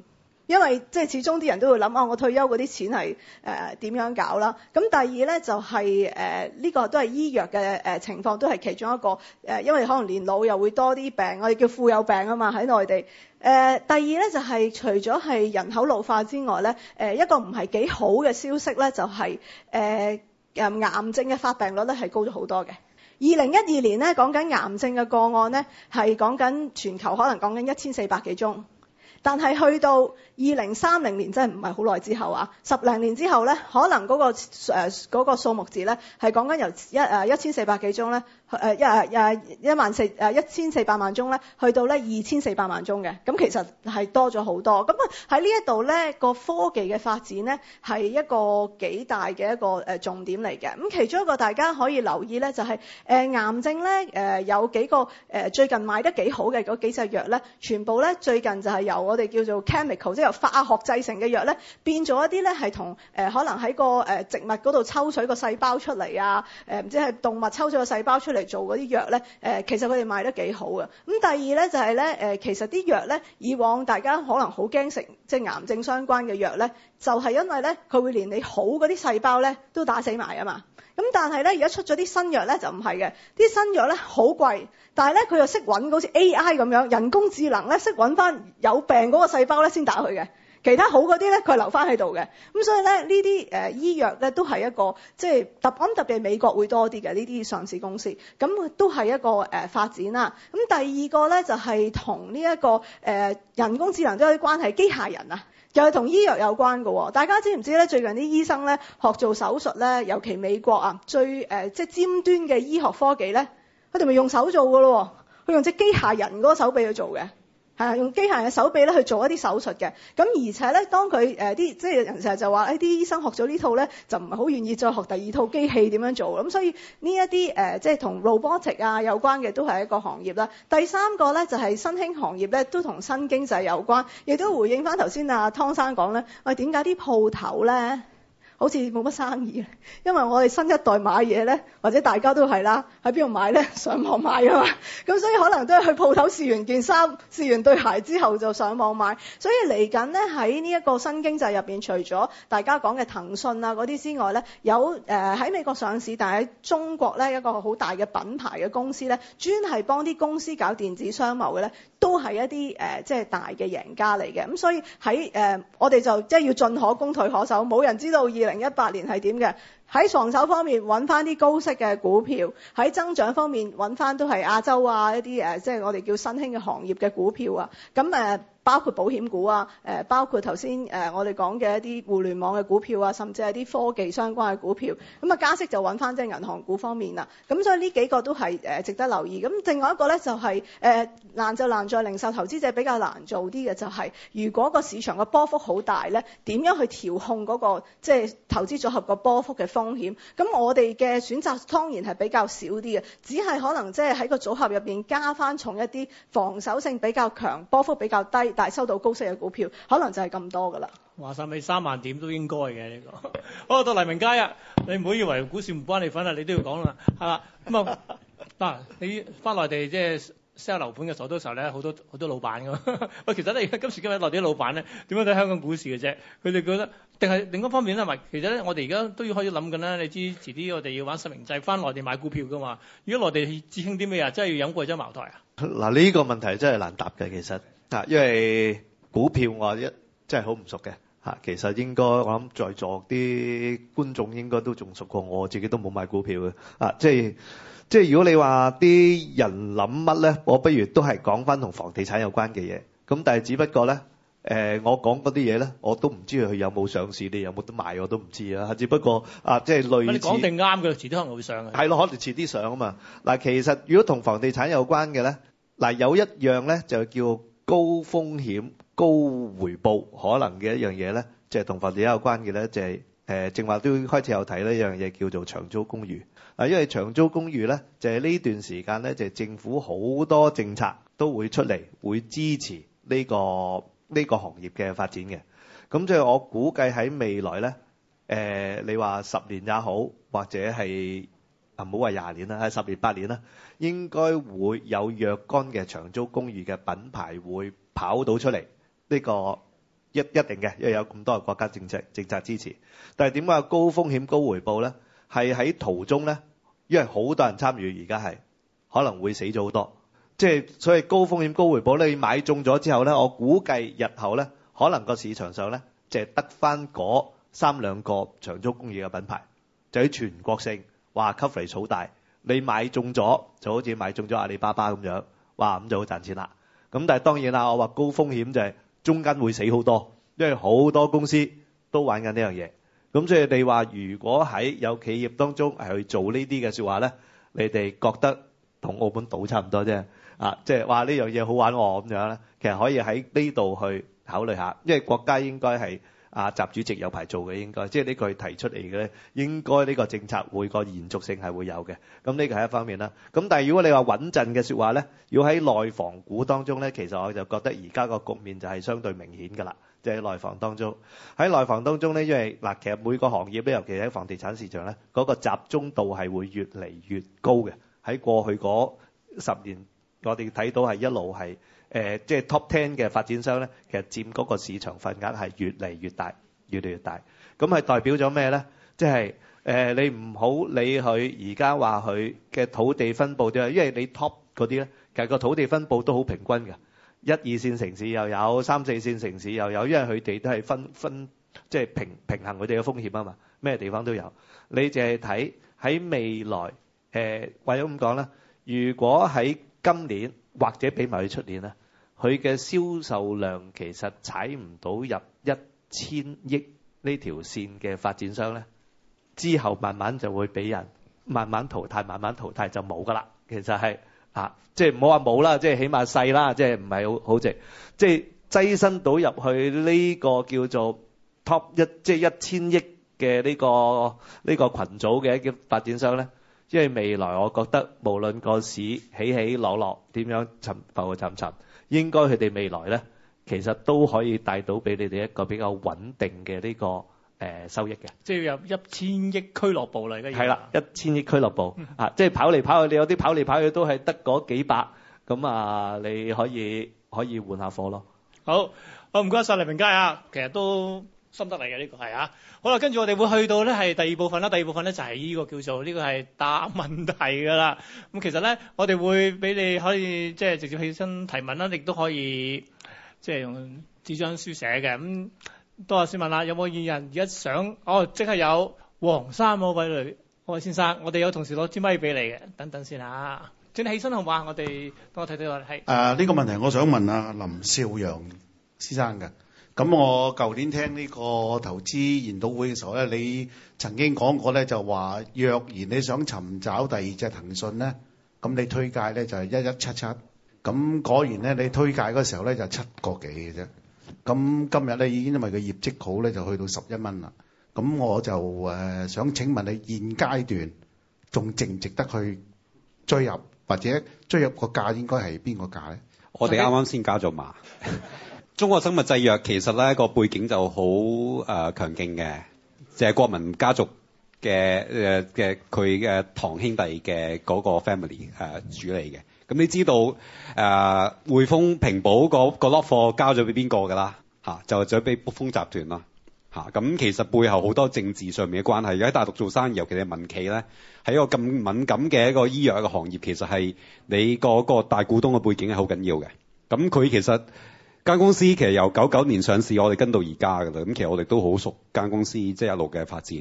因為即係始終啲人都會諗啊，我退休嗰啲錢係誒點樣搞啦？咁、呃、第二咧就係誒呢個都係醫藥嘅誒情況，都係其中一個誒、呃，因為可能年老又會多啲病，我哋叫富有病啊嘛喺內地。誒、呃、第二咧就係、是、除咗係人口老化之外咧，誒、呃、一個唔係幾好嘅消息咧就係誒誒癌症嘅發病率咧係高咗好多嘅。二零一二年咧講緊癌症嘅個案咧係講緊全球可能講緊一千四百幾宗。但係去到二零三零年，真係唔係好耐之後啊，十零年之後咧，可能嗰、嗰個誒嗰、呃嗰個數目字咧係講緊由一誒一千四百幾宗咧。一一萬四一千四百萬宗咧，去到咧二千四百萬宗嘅，咁其實係多咗好多。咁啊喺呢一度咧，個科技嘅發展咧係一個幾大嘅一個重點嚟嘅。咁其中一個大家可以留意咧，就係、係、誒癌症咧、呃、有幾個、呃、最近賣得幾好嘅嗰幾隻藥咧，全部咧最近就係由我哋叫做 chemical，即係由化學製成嘅藥咧，變咗一啲咧係同可能喺個、呃、植物嗰度抽取個細胞出嚟啊，誒、呃、唔知係動物抽咗個細胞出嚟。做嗰啲藥咧，誒其實佢哋賣得幾好嘅。咁第二咧就係咧，誒其實啲藥咧以往大家可能好驚食，即係癌症相關嘅藥咧，就係因為咧佢會連你好嗰啲細胞咧都打死埋啊嘛。咁但係咧而家出咗啲新藥咧就唔係嘅，啲新藥咧好貴，但係咧佢又識揾好似 AI 咁樣人工智能咧識揾翻有病嗰個細胞咧先打佢嘅。其他好嗰啲咧，佢留翻喺度嘅，咁所以咧呢啲、呃、醫藥咧都係一個即係特，安特別美國會多啲嘅呢啲上市公司，咁都係一個、呃、發展啦。咁第二個咧就係同呢一個誒、呃、人工智能都有啲關係，機械人啊，又係同醫藥有關喎、哦。大家知唔知咧？最近啲醫生咧學做手術咧，尤其美國啊，最、呃、即係尖端嘅醫學科技咧，佢哋咪用手做嘅咯、哦，佢用隻機械人嗰個手臂去做嘅。啊！用機械嘅手臂咧去做一啲手術嘅，咁而且咧，當佢誒啲即係人成日就話誒啲醫生學咗呢套咧，就唔係好願意再學第二套機器點樣做，咁所以呢一啲誒、呃、即係同 robotic 啊有關嘅都係一個行業啦。第三個咧就係、是、新興行業咧都同新經濟有關，亦都回應翻頭、啊、先啊湯生講咧，喂點解啲鋪頭咧？好似冇乜生意，因為我哋新一代買嘢咧，或者大家都係啦，喺邊度買咧？上網買啊嘛，咁所以可能都係去鋪頭試完件衫、試完對鞋之後就上網買。所以嚟緊咧，喺呢一個新經濟入面，除咗大家講嘅騰訊啊嗰啲之外咧，有誒喺、呃、美國上市但係喺中國咧一個好大嘅品牌嘅公司咧，專係幫啲公司搞電子商務嘅咧，都係一啲誒即係大嘅贏家嚟嘅。咁所以喺、呃、我哋就即係、就是、要進可攻退可守，冇人知道二零一八年係點嘅？喺防守方面揾翻啲高息嘅股票；喺增長方面揾翻都係亞洲啊一啲誒，即係我哋叫新興嘅行業嘅股票啊。咁誒。呃包括保險股啊，呃、包括頭先、呃、我哋講嘅一啲互聯網嘅股票啊，甚至係啲科技相關嘅股票。咁啊加息就搵翻即係銀行股方面啦。咁所以呢幾個都係、呃、值得留意。咁另外一個咧就係、是、誒、呃、難就難在零售投資者比較難做啲嘅、就是，就係如果個市場嘅波幅好大咧，點樣去調控嗰、那個即係、就是、投資組合個波幅嘅風險？咁我哋嘅選擇當然係比較少啲嘅，只係可能即係喺個組合入面加翻重一啲防守性比較強、波幅比較低。但係收到高息嘅股票，可能就係咁多噶啦。話晒你三萬點都應該嘅呢個。 (laughs) 好到黎明街啊，你唔好以為股市唔關你份啦，你都要講啦，係啦。咁 (laughs) 啊，嗱，你翻內地即係 sell 樓盤嘅時候咧，好多好多老闆噶。喂， (laughs) 其實你而家今時今日內地老闆咧，點樣睇香港股市嘅啫？佢哋覺得定係另一方面咧，咪其實咧，我哋而家都要開始諗緊啦。你知遲啲我哋要玩實名制，翻內地買股票噶嘛？如果內地知興啲咩啊？真係要飲貴州茅台啊？嗱，呢個問題真係難答嘅，其實。啊，因為股票我一真係好唔熟嘅嚇。其實應該我諗在座啲觀眾應該都仲熟過我自己，都冇買股票嘅啊。即係即係如果你話啲人諗乜咧，我不如都係講翻同房地產有關嘅嘢。咁但係只不過咧，誒我講嗰啲嘢咧，我都唔知佢有冇上市，你有冇得賣我都唔知啊。只不過啊，即係類似講定啱嘅，遲啲可能會上嘅係咯，可能遲啲上啊嘛。嗱，其實如果同房地產有關嘅咧，嗱有一樣咧就叫。高風險高回報可能嘅一樣嘢咧，就係同發展有關嘅咧，就係、是、誒、呃、正話都開始有睇呢一樣嘢叫做長租公寓。啊，因為長租公寓咧，就係、是、呢段時間咧，就是、政府好多政策都會出嚟，會支持呢、這個呢、這個行業嘅發展嘅。咁即係我估計喺未來咧，誒、呃、你話十年也好，或者係。唔好話廿年啦，喺十年八年啦，應該會有若干嘅長租公寓嘅品牌會跑到出嚟。呢個一一定嘅，因為有咁多國家政策政策支持。但係點解有高風險高回報咧？係喺途中咧，因為好多人參與，而家係可能會死咗好多，即係所以高風險高回報。你買中咗之後咧，我估計日後咧，可能個市場上咧就係得翻嗰三兩個長租公寓嘅品牌，就喺全國性。話 coverage 好大，你買中咗就好似買中咗阿里巴巴咁樣，哇咁就好賺錢啦。咁但係當然啦，我話高風險就係中間會死好多，因為好多公司都玩緊呢樣嘢。咁所以你話如果喺有企業當中係去做呢啲嘅説話咧，你哋覺得同澳門賭差唔多啫。啊，即係話呢樣嘢好玩喎咁樣咧，其實可以喺呢度去考慮下，因為國家應該係。啊，習主席有排做嘅應該，即係呢句提出嚟嘅咧，應該呢個政策會個延續性係會有嘅。咁呢個係一方面啦。咁但係如果你話穩陣嘅說話咧，要喺內房股當中咧，其實我就覺得而家個局面就係相對明顯噶啦，即係內房當中。喺內房當中咧，因為嗱，其實每個行業咧，尤其喺房地產市場咧，嗰個集中度係會越嚟越高嘅。喺過去嗰十年，我哋睇到係一路係。誒，即係、呃就是、top ten 嘅發展商咧，其實佔嗰個市場份額係越嚟越大，越嚟越大。咁係代表咗咩咧？即係誒，你唔好理佢而家話佢嘅土地分佈點，因為你 top 嗰啲咧，其實個土地分布都好平均㗎。一、二線城市又有，三四線城市又有，因為佢哋都係分分即係、就是、平平衡佢哋嘅風險啊嘛。咩地方都有，你淨係睇喺未來誒、呃，為咗咁講咧？如果喺今年或者俾埋佢出年咧？佢嘅銷售量其實踩唔到入一千億呢條線嘅發展商咧，之後慢慢就會俾人慢慢淘汰，慢慢淘汰就冇㗎喇。其實係啊，即係唔好話冇啦，即係起碼細啦，即係唔係好好值，即係躋身到入去呢個叫做 Top 一，即係一千億嘅呢個呢個羣組嘅叫發展商咧。因為未來我覺得無論個市起起落落點樣沉浮嘅沉沉浮浮應該佢哋未來咧，其實都可以帶到俾你哋一個比較穩定嘅呢、這個誒、呃、收益嘅。即係要有一千億俱樂部啦，而家係啦，一千億俱樂部、嗯、啊！即係跑嚟跑去，你有啲跑嚟跑去都係得嗰幾百，咁啊，你可以可以換下貨咯。好好唔該晒，黎明佳啊，其實都～心得嚟嘅呢個係啊，好啦，跟住我哋會去到咧係第二部分啦。第二部分咧就係呢個叫做呢個係答問題㗎啦。咁其實咧，我哋會俾你可以即係直接起身提問啦，亦都可以即係用紙張書寫嘅。咁、嗯、多啊，先問啦，有冇議人而家想？哦，即係有黃衫嗰位女，嗰位先生，我哋有同事攞支咪俾你嘅。等等先嚇，請你起身好唔好啊？我哋等我睇睇係。呢、啊呢個問題我想問啊林少陽先生㗎。咁我舊年聽呢個投資研討會嘅時候咧，你曾經講過咧就話，若然你想尋找第二隻騰訊咧，咁你推介咧就係一一七七。咁果然咧，你推介嗰時候咧就七個幾嘅啫。咁今日咧已經因為佢業績好咧就去到十一蚊啦。咁我就、呃、想請問你，現階段仲值唔值得去追入，或者追入個價應該係邊個價咧？我哋啱啱先加咗碼。 (laughs) 中國生物製藥其實咧個背景就好誒強勁嘅，就係、是、國民家族嘅嘅佢嘅堂兄弟嘅嗰個 family 誒、呃、主理嘅。咁你知道誒匯豐平保嗰嗰粒貨交咗俾邊個㗎啦？就係交俾卜蜂集團啦。咁其實背後好多政治上面嘅關係。喺大陸做生意，尤其係民企咧，喺一個咁敏感嘅一個醫藥嘅行業，其實係你嗰個，嗰個大股東嘅背景係好緊要嘅。咁佢其實。間公司其實由九九年上市，我哋跟到而家噶啦，咁其實我哋都好熟間公司，即係一路嘅發展。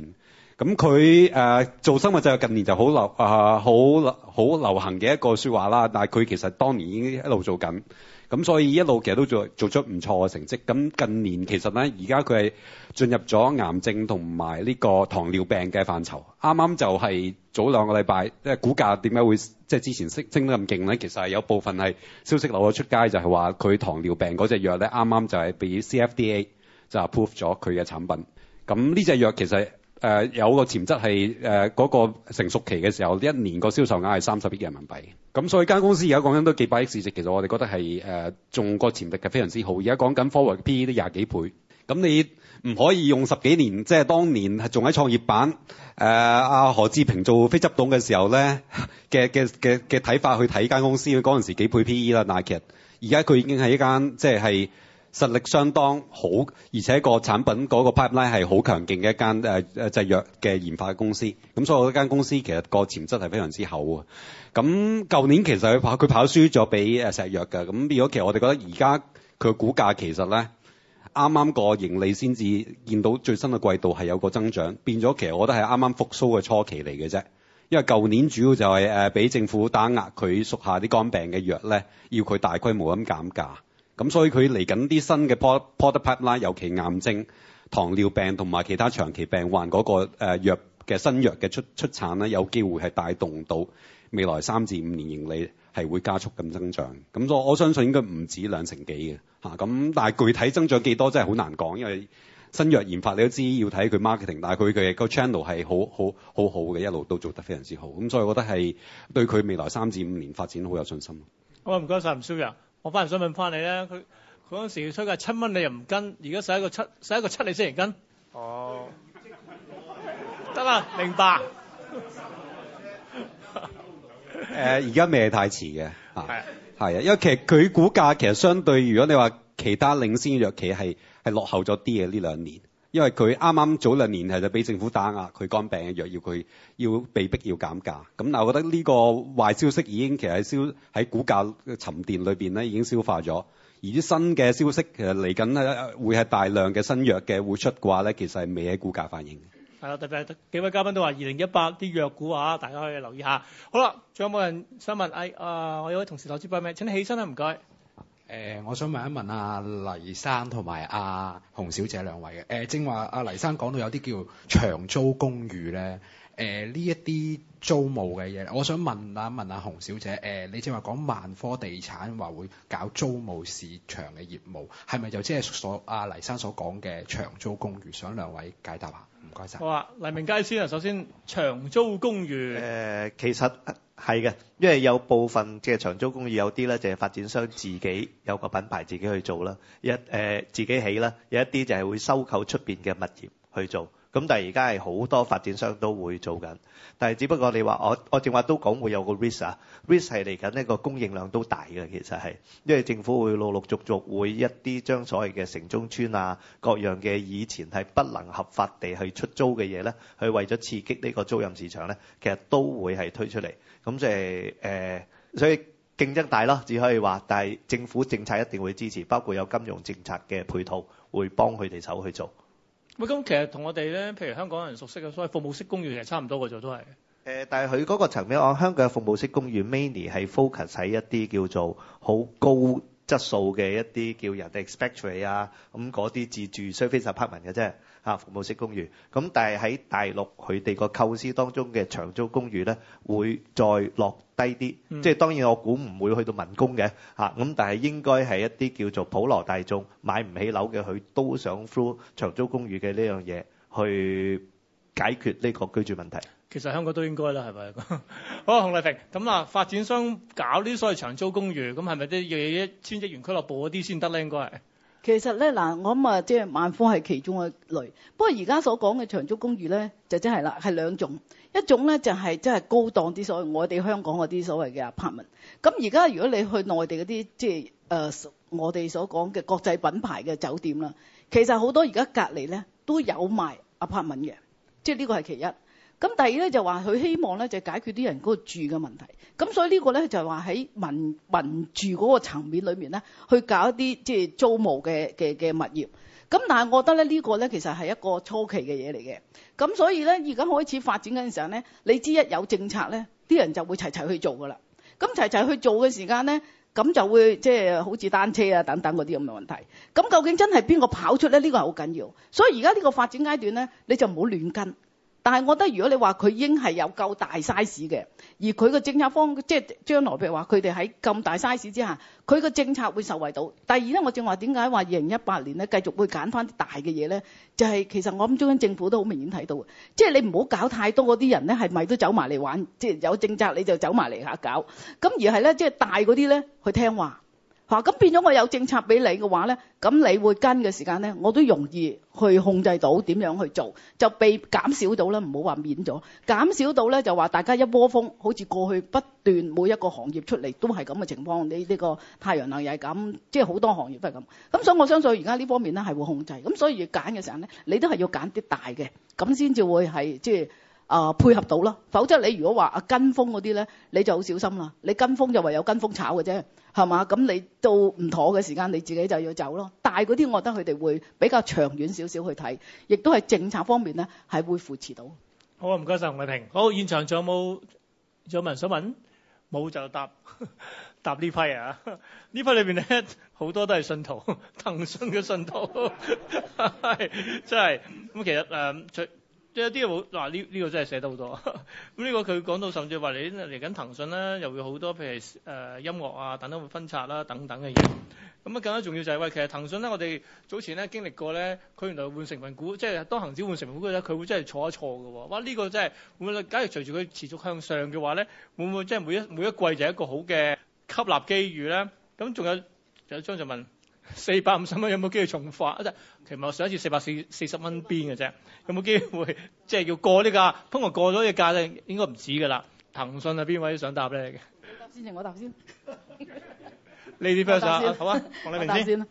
咁佢誒做生物製藥，近年就好流啊，好、呃、好流行嘅一個說話啦。但係佢其實當年已經在一路做緊。咁所以一路其實都做做出唔錯嘅成績。咁近年其實咧，而家佢係進入咗癌症同埋呢個糖尿病嘅範疇。啱啱就係早兩個禮拜，即係股價點解會即係、就是、之前升升得咁勁咧？其實係有部分係消息流咗出街，就係話佢糖尿病嗰隻藥咧，啱啱就係俾 CFDA 就 approve 咗佢嘅產品。咁呢隻藥其實誒、呃、有個潛質係誒嗰個成熟期嘅時候，一年個銷售額係三十億嘅人民幣。咁所以間公司而家講緊都幾百億市值，其實我哋覺得係誒中國潛力係非常之好。而家講緊 forward P E 都廿幾倍，咁你唔可以用十幾年即係、就是、當年仲喺創業板誒阿何志平做非執董嘅時候咧嘅嘅嘅嘅睇法去睇間公司，嗰陣時幾倍 P E 啦。但係其實而家佢已經係一間即係係。就是是實力相當好，而且個產品嗰個 pipeline 係好強勁嘅一間誒誒製藥嘅研發公司，咁所以嗰間公司其實個潛質係非常之厚啊！咁舊年其實佢跑佢跑輸咗俾石藥㗎，咁變咗其實我哋覺得而家佢股價其實咧啱啱個盈利先至見到最新嘅季度係有個增長，變咗其實我覺得係啱啱復甦嘅初期嚟嘅啫，因為舊年主要就係誒俾政府打壓佢屬下啲肝病嘅藥咧，要佢大規模咁減價。咁、啊、所以佢嚟緊啲新嘅 product pipeline，尤其癌症、糖尿病同埋其他長期病患嗰、那個誒、啊、藥嘅新藥嘅出出產咧，有機會係帶動到未來三至五年盈利係會加速咁增長。咁所以我相信應該唔止兩成幾嘅嚇。咁、啊啊、但係具體增長幾多真係好難講，因為新藥研發你都知要睇佢 marketing，但係佢嘅個 channel 係好好，好好好好嘅，一路都做得非常之好。咁所以我覺得係對佢未來三至五年發展好有信心。好，唔該晒吳少揚。我返嚟想問翻你咧，佢嗰陣時出價七蚊，你又唔跟？而家使一個七，使一個七你先嚟跟？哦，得啦， (laughs) 明白。誒、 (laughs) 呃，而家未太遲嘅，係係的啊，因為其實佢股價其實相對，如果你話其他領先藥企係係落後咗啲嘅呢兩年。因為佢啱啱早兩年係就俾政府打壓，佢肝病嘅藥要佢要被逼要減價。咁但係，我覺得呢個壞消息已經其實消喺股價嘅沉澱裏邊咧，已經消化咗。而啲新嘅消息其實嚟緊咧，會係大量嘅新藥嘅會出嘅話咧，其實係未喺股價反映的。係啦，特別係幾位嘉賓都話，二零一八啲藥股啊，大家可以留意一下。好啦，仲有冇人想問？誒、哎、啊，我有位同事坐住邊位？請你起身啦，唔該。誒、呃，我想問一問阿、啊、黎生同埋阿洪小姐兩位嘅、呃。正話阿、啊、黎生講到有啲叫長租公寓咧。誒、呃，呢一啲租務嘅嘢，我想問啊問阿洪小姐。誒、呃，你正話講萬科地產話會搞租務市場嘅業務，係咪就即係所阿、啊、黎生所講嘅長租公寓？想兩位解答下，唔該晒。好啊，黎明街先啊，首先長租公寓。誒、呃，其實。係嘅，因為有部分嘅長租公寓有啲咧就係發展商自己有個品牌自己去做啦，一誒、呃、自己起啦，有一啲就係會收購出邊嘅物業去做。咁但係而家係好多發展商都會做緊，但係只不過你話我我正話都講會有個 risk 啊，risk 係嚟緊呢個供應量都大嘅其實係，因為政府會陸陸續續會一啲將所謂嘅城中村啊，各樣嘅以前係不能合法地去出租嘅嘢呢，去為咗刺激呢個租賃市場呢，其實都會係推出嚟，咁即係誒，所以競爭大咯，只可以話，但係政府政策一定會支持，包括有金融政策嘅配套會幫佢哋手去做。喂，咁其實同我哋咧，譬如香港人熟悉嘅，所謂服務式公寓其實差唔多㗎啫，都係，呃，但係佢嗰個層面，我香港嘅服務式公寓 mainly 係 focus 喺一啲叫做好高質素嘅一啲叫人哋 expectry 啊，咁嗰啲自住 service apartment 嘅啫。嚇，服務式公寓，咁但係喺大陸佢哋個構思當中嘅長租公寓咧，會再落低啲，即係當然我估唔會去到民工嘅嚇，咁但係應該係一啲叫做普羅大眾買唔起樓嘅，佢都想透過長租公寓嘅呢樣嘢去解決呢個居住問題。其實香港都應該啦，係咪？好，洪麗萍，咁啊，發展商搞呢啲所謂長租公寓，咁係咪都要一千億元俱樂部嗰啲先得咧？應該係。其實呢，嗱，我咁啊，即係萬科係其中一類。不過而家所講嘅長租公寓咧，就真係啦，係兩種。一種咧就係即係高檔啲，所謂我哋香港嗰啲所謂嘅 apartment。咁而家如果你去內地嗰啲，即係誒、呃、我哋所講嘅國際品牌嘅酒店啦，其實好多而家隔離咧都有賣 apartment 嘅，即係呢個係其一。咁第二咧就話佢希望咧就解決啲人嗰個住嘅問題，咁所以呢個咧就係話喺民民住嗰個層面裏面咧，去搞一啲即係租務嘅嘅嘅物業。咁但係我覺得咧呢個咧其實係一個初期嘅嘢嚟嘅。咁所以咧而家開始發展緊嘅時候咧，你知一有政策咧，啲人就會齊齊去做㗎啦。咁齊齊去做嘅時間咧，咁就會即係好似單車啊等等嗰啲咁嘅問題。咁究竟真係邊個跑出咧？呢個係好緊要。所以而家呢個發展階段咧，你就唔好亂跟。但係，我覺得如果你話佢已經係有夠大 size 嘅，而佢個政策方即係將來譬如話佢哋喺咁大 size 之下，佢個政策會受惠到。第二咧，我正話點解話二零一八年咧繼續會揀翻啲大嘅嘢咧？就係其實我諗中央政府都好明顯睇到，即係你唔好搞太多嗰啲人咧，係咪都走埋嚟玩？即係有政策你就走埋嚟下搞。咁而係咧，即係大嗰啲咧去聽話。咁變咗，我有政策俾你嘅話咧，咁你會跟嘅時間咧，我都容易去控制到點樣去做，就被減少到呢。唔好話免咗，減少到咧就話大家一窩蜂，好似過去不斷每一個行業出嚟都係咁嘅情況，你呢個太陽能又係咁，即係好多行業都係咁。咁所以我相信而家呢方面咧係會控制，咁所以要揀嘅時候咧，你都係要揀啲大嘅，咁先至會係即係。就是啊、呃、配合到咯，否則你如果話啊跟風嗰啲咧，你就好小心啦。你跟風就唯有跟風炒嘅啫，係嘛？咁你到唔妥嘅時間，你自己就要走咯。但係嗰啲，我覺得佢哋會比較長遠少少去睇，亦都係政策方面咧，係會扶持到。好，唔該晒，吳慧婷。好，現場仲有冇仲有問想問？冇就答答呢批啊，批裡面呢批裏邊咧好多都係信徒，騰訊嘅信徒，真係咁。就是、其實誒，呃即係有啲好，嗱呢呢個真係寫得好多。咁呢個佢講到甚至話嚟嚟緊騰訊啦，又會好多譬如誒、呃、音樂啊等等會分拆啦等等嘅嘢。咁啊更加重要就係喂，其實騰訊咧，我哋早前咧經歷過咧，佢原來換成分股，即係當恒指換成分股嘅咧，佢會真係錯一錯嘅。哇！呢個真係會，假如隨住佢持續向上嘅話咧，會唔會即係每一每一季就係一個好嘅吸納機遇咧？咁仲有仲有張振文。四百五十蚊有冇機會重發？啊？即係其實我上一次四百四四十蚊邊嘅啫，有冇機會？即係要過呢價，通常過過咗呢價咧，應該唔止噶啦。騰訊係邊位想答咧？你答先定我答先？ (laughs) 呢啲 p 好啊，王立明先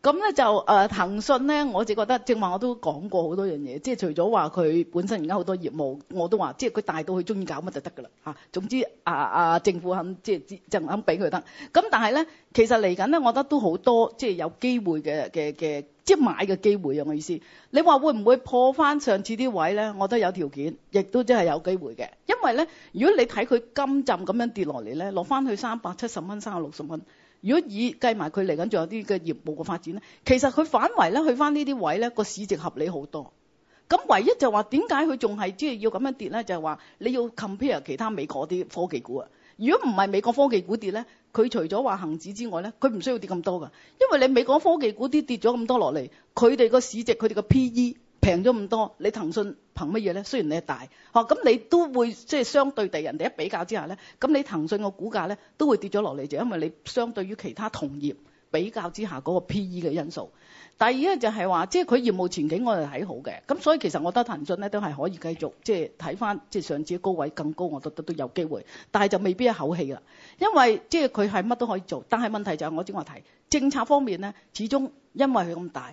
咁咧，就誒騰訊咧，我只覺得正話我都講過好多樣嘢，即係除咗話佢本身而家好多業務，我都話即係佢大到佢中意搞乜就得㗎啦嚇。總之啊啊政府肯即係就係肯俾佢得。咁、啊、但係咧，其實嚟緊咧，我覺得都好多即係有機會嘅嘅嘅，即係買嘅機會啊！我意思，你話會唔會破翻上次啲位咧？我覺得有條件，亦都即係有機會嘅，因為咧，如果你睇佢今浸咁樣跌落嚟咧，落翻去三百七十蚊、三百六十蚊。如果以計埋佢嚟緊，仲有啲嘅業務個發展咧，其實佢反圍咧去翻呢啲位咧，個市值合理好多。咁唯一就話點解佢仲係即係要咁樣跌咧？就係話你要 compare 其他美國啲科技股啊。如果唔係美國科技股跌咧，佢除咗話恒指之外咧，佢唔需要跌咁多噶。因為你美國科技股啲跌咗咁多落嚟，佢哋個市值，佢哋個 PE。平咗咁多，你騰訊憑乜嘢咧？雖然你係大，咁、啊、你都會即係相對地人哋一比較之下咧，咁你騰訊個股價咧都會跌咗落嚟，就因為你相對於其他同業比較之下嗰個 P/E 嘅因素。第二咧就係話，即係佢業務前景我哋睇好嘅，咁所以其實我覺得騰訊咧都係可以繼續即係睇返即係上次高位更高，我覺得都有機會，但係就未必一口氣啦，因為即係佢係乜都可以做，但係問題就係我只話提政策方面咧，始終因為佢咁大。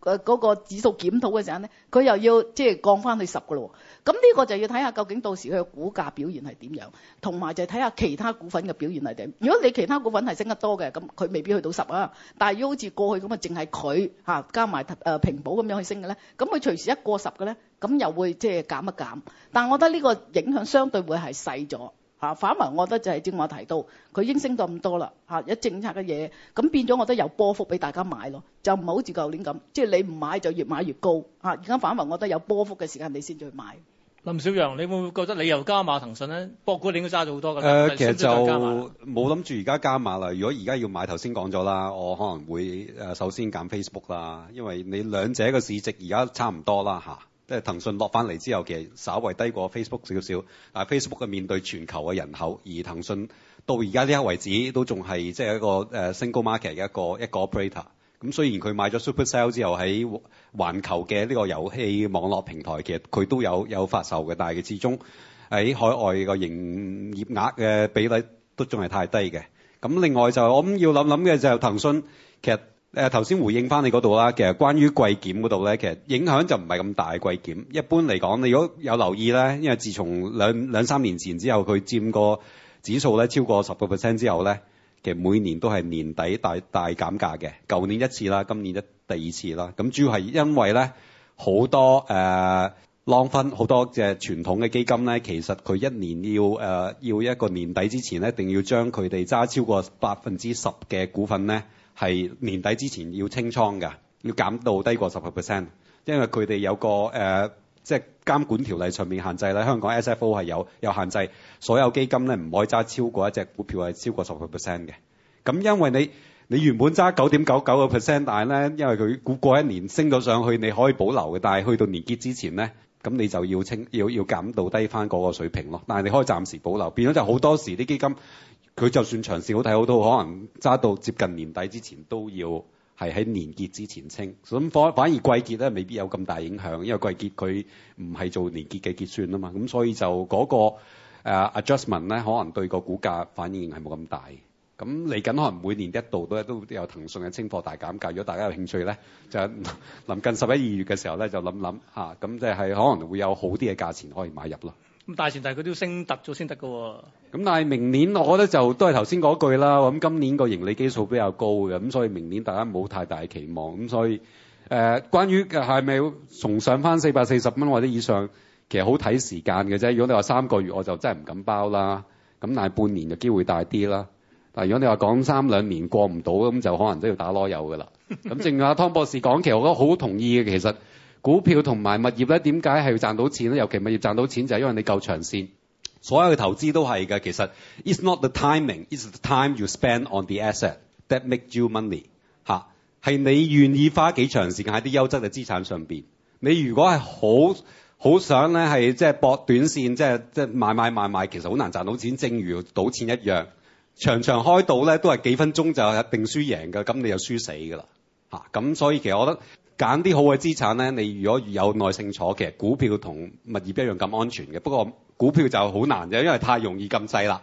嗰、呃，嗰個指數檢討嘅時候咧，佢又要即係降翻去十個咯。咁呢個就要睇下究竟到時佢嘅股價表現係點樣，同埋就係睇下其他股份嘅表現係點。如果你其他股份係升得多嘅，咁佢未必去到十啊。但係要好似過去咁啊，淨係佢加埋平保咁樣去升嘅咧，咁佢隨時一過十嘅咧，咁又會即係減一減。但係我覺得呢個影響相對會係細咗。啊、反為，我覺得就係正話提到，佢應升咗咁多啦。嚇、啊，有政策嘅嘢，咁變咗，我覺得有波幅俾大家買咯，就唔好似舊年咁，即係你唔買就越買越高。嚇、啊，而家反為，我覺得有波幅嘅時間，你先去買。林小陽，你會唔會覺得你又加碼騰訊咧？博股你應該揸咗好多㗎。啊、是其實就冇諗住而家加碼啦。如果而家要買，頭先講咗啦，我可能會首先揀 Facebook 啦，因為你兩者嘅市值而家差唔多啦，啊即係騰訊落翻嚟之後，其實稍為低過 Facebook 少少，但係 Facebook 嘅面對全球嘅人口，而騰訊到而家呢刻為止都仲係即係一個 single market 嘅一個一個 operator。咁雖然佢買咗 Supercell 之後喺環球嘅呢個遊戲網絡平台，其實佢都有有發售嘅，但係佢始終喺海外個營業額嘅比例都仲係太低嘅。咁另外就我諗要諗諗嘅就係騰訊其實。頭先回應返你嗰度啦，其實關於季檢嗰度咧，其實影響就唔係咁大。季檢一般嚟講，你如果有留意咧，因為自從兩兩三年前之後，佢佔個指數咧超過十個 percent 之後咧，其實每年都係年底大大減價嘅。舊年一次啦，今年一第二次啦。咁主要係因為咧好多誒，long fund 好多傳統嘅基金咧，其實佢一年要誒、呃、要一個年底之前咧，一定要將佢哋揸超過百分之十嘅股份咧。係年底之前要清倉㗎，要減到低過十個 percent。因為佢哋有個誒，即係監管條例上面限制咧，香港 SFO 係有，有限制所有基金咧唔可以揸超過一隻股票係超過十個 percent 嘅。咁因為你你原本揸九點九九個 percent，但係咧因為佢估過一年升咗上去，你可以保留嘅，但係去到年結之前咧，咁你就要清，要要減到低翻嗰個水平咯。但係你可以暫時保留，變咗就好多時啲基金。佢就算長線好睇，好都可能揸到接近年底之前都要係喺年結之前清。咁反反而季結咧，未必有咁大影響，因為季結佢唔係做年結嘅結算啊嘛。咁所以就嗰個 adjustment 咧，可能對個股價反應係冇咁大。咁嚟緊可能每年一度都都有騰訊嘅清貨大減價。如果大家有興趣咧，就臨近十一二月嘅時候咧，啊、就諗諗吓，咁即係可能會有好啲嘅價錢可以買入咯。咁大前提、哦、但係佢都要升突咗先得喎。咁但係明年，我覺得就都係頭先嗰句啦。咁今年個盈利基數比較高嘅，咁所以明年大家唔好太大期望。咁所以誒、呃，關於係咪要重上翻四百四十蚊或者以上，其實好睇時間嘅啫。如果你話三個月，我就真係唔敢包啦。咁但係半年嘅機會大啲啦。但係如果你話講三兩年過唔到，咁就可能都要打籮柚嘅啦。咁正如阿湯博士講，其實我覺得好同意嘅，其實。股票同埋物業咧，點解係要賺到錢咧？尤其物業賺到錢就係因為你夠長線。所有嘅投資都係嘅，其實 It's not the timing, it's the time you spend on the asset that make you money。吓，係你願意花幾長時間喺啲優質嘅資產上邊。你如果係好好想咧係即係搏短線，即係即係買買買買，其實好難賺到錢，正如賭錢一樣。長長開賭咧都係幾分鐘就一定輸贏嘅，咁你又輸死㗎啦。吓，咁所以其實我覺得。揀啲好嘅資產咧，你如果有耐性坐，其實股票同物業一樣咁安全嘅。不過股票就好難嘅，因為太容易撳掣啦。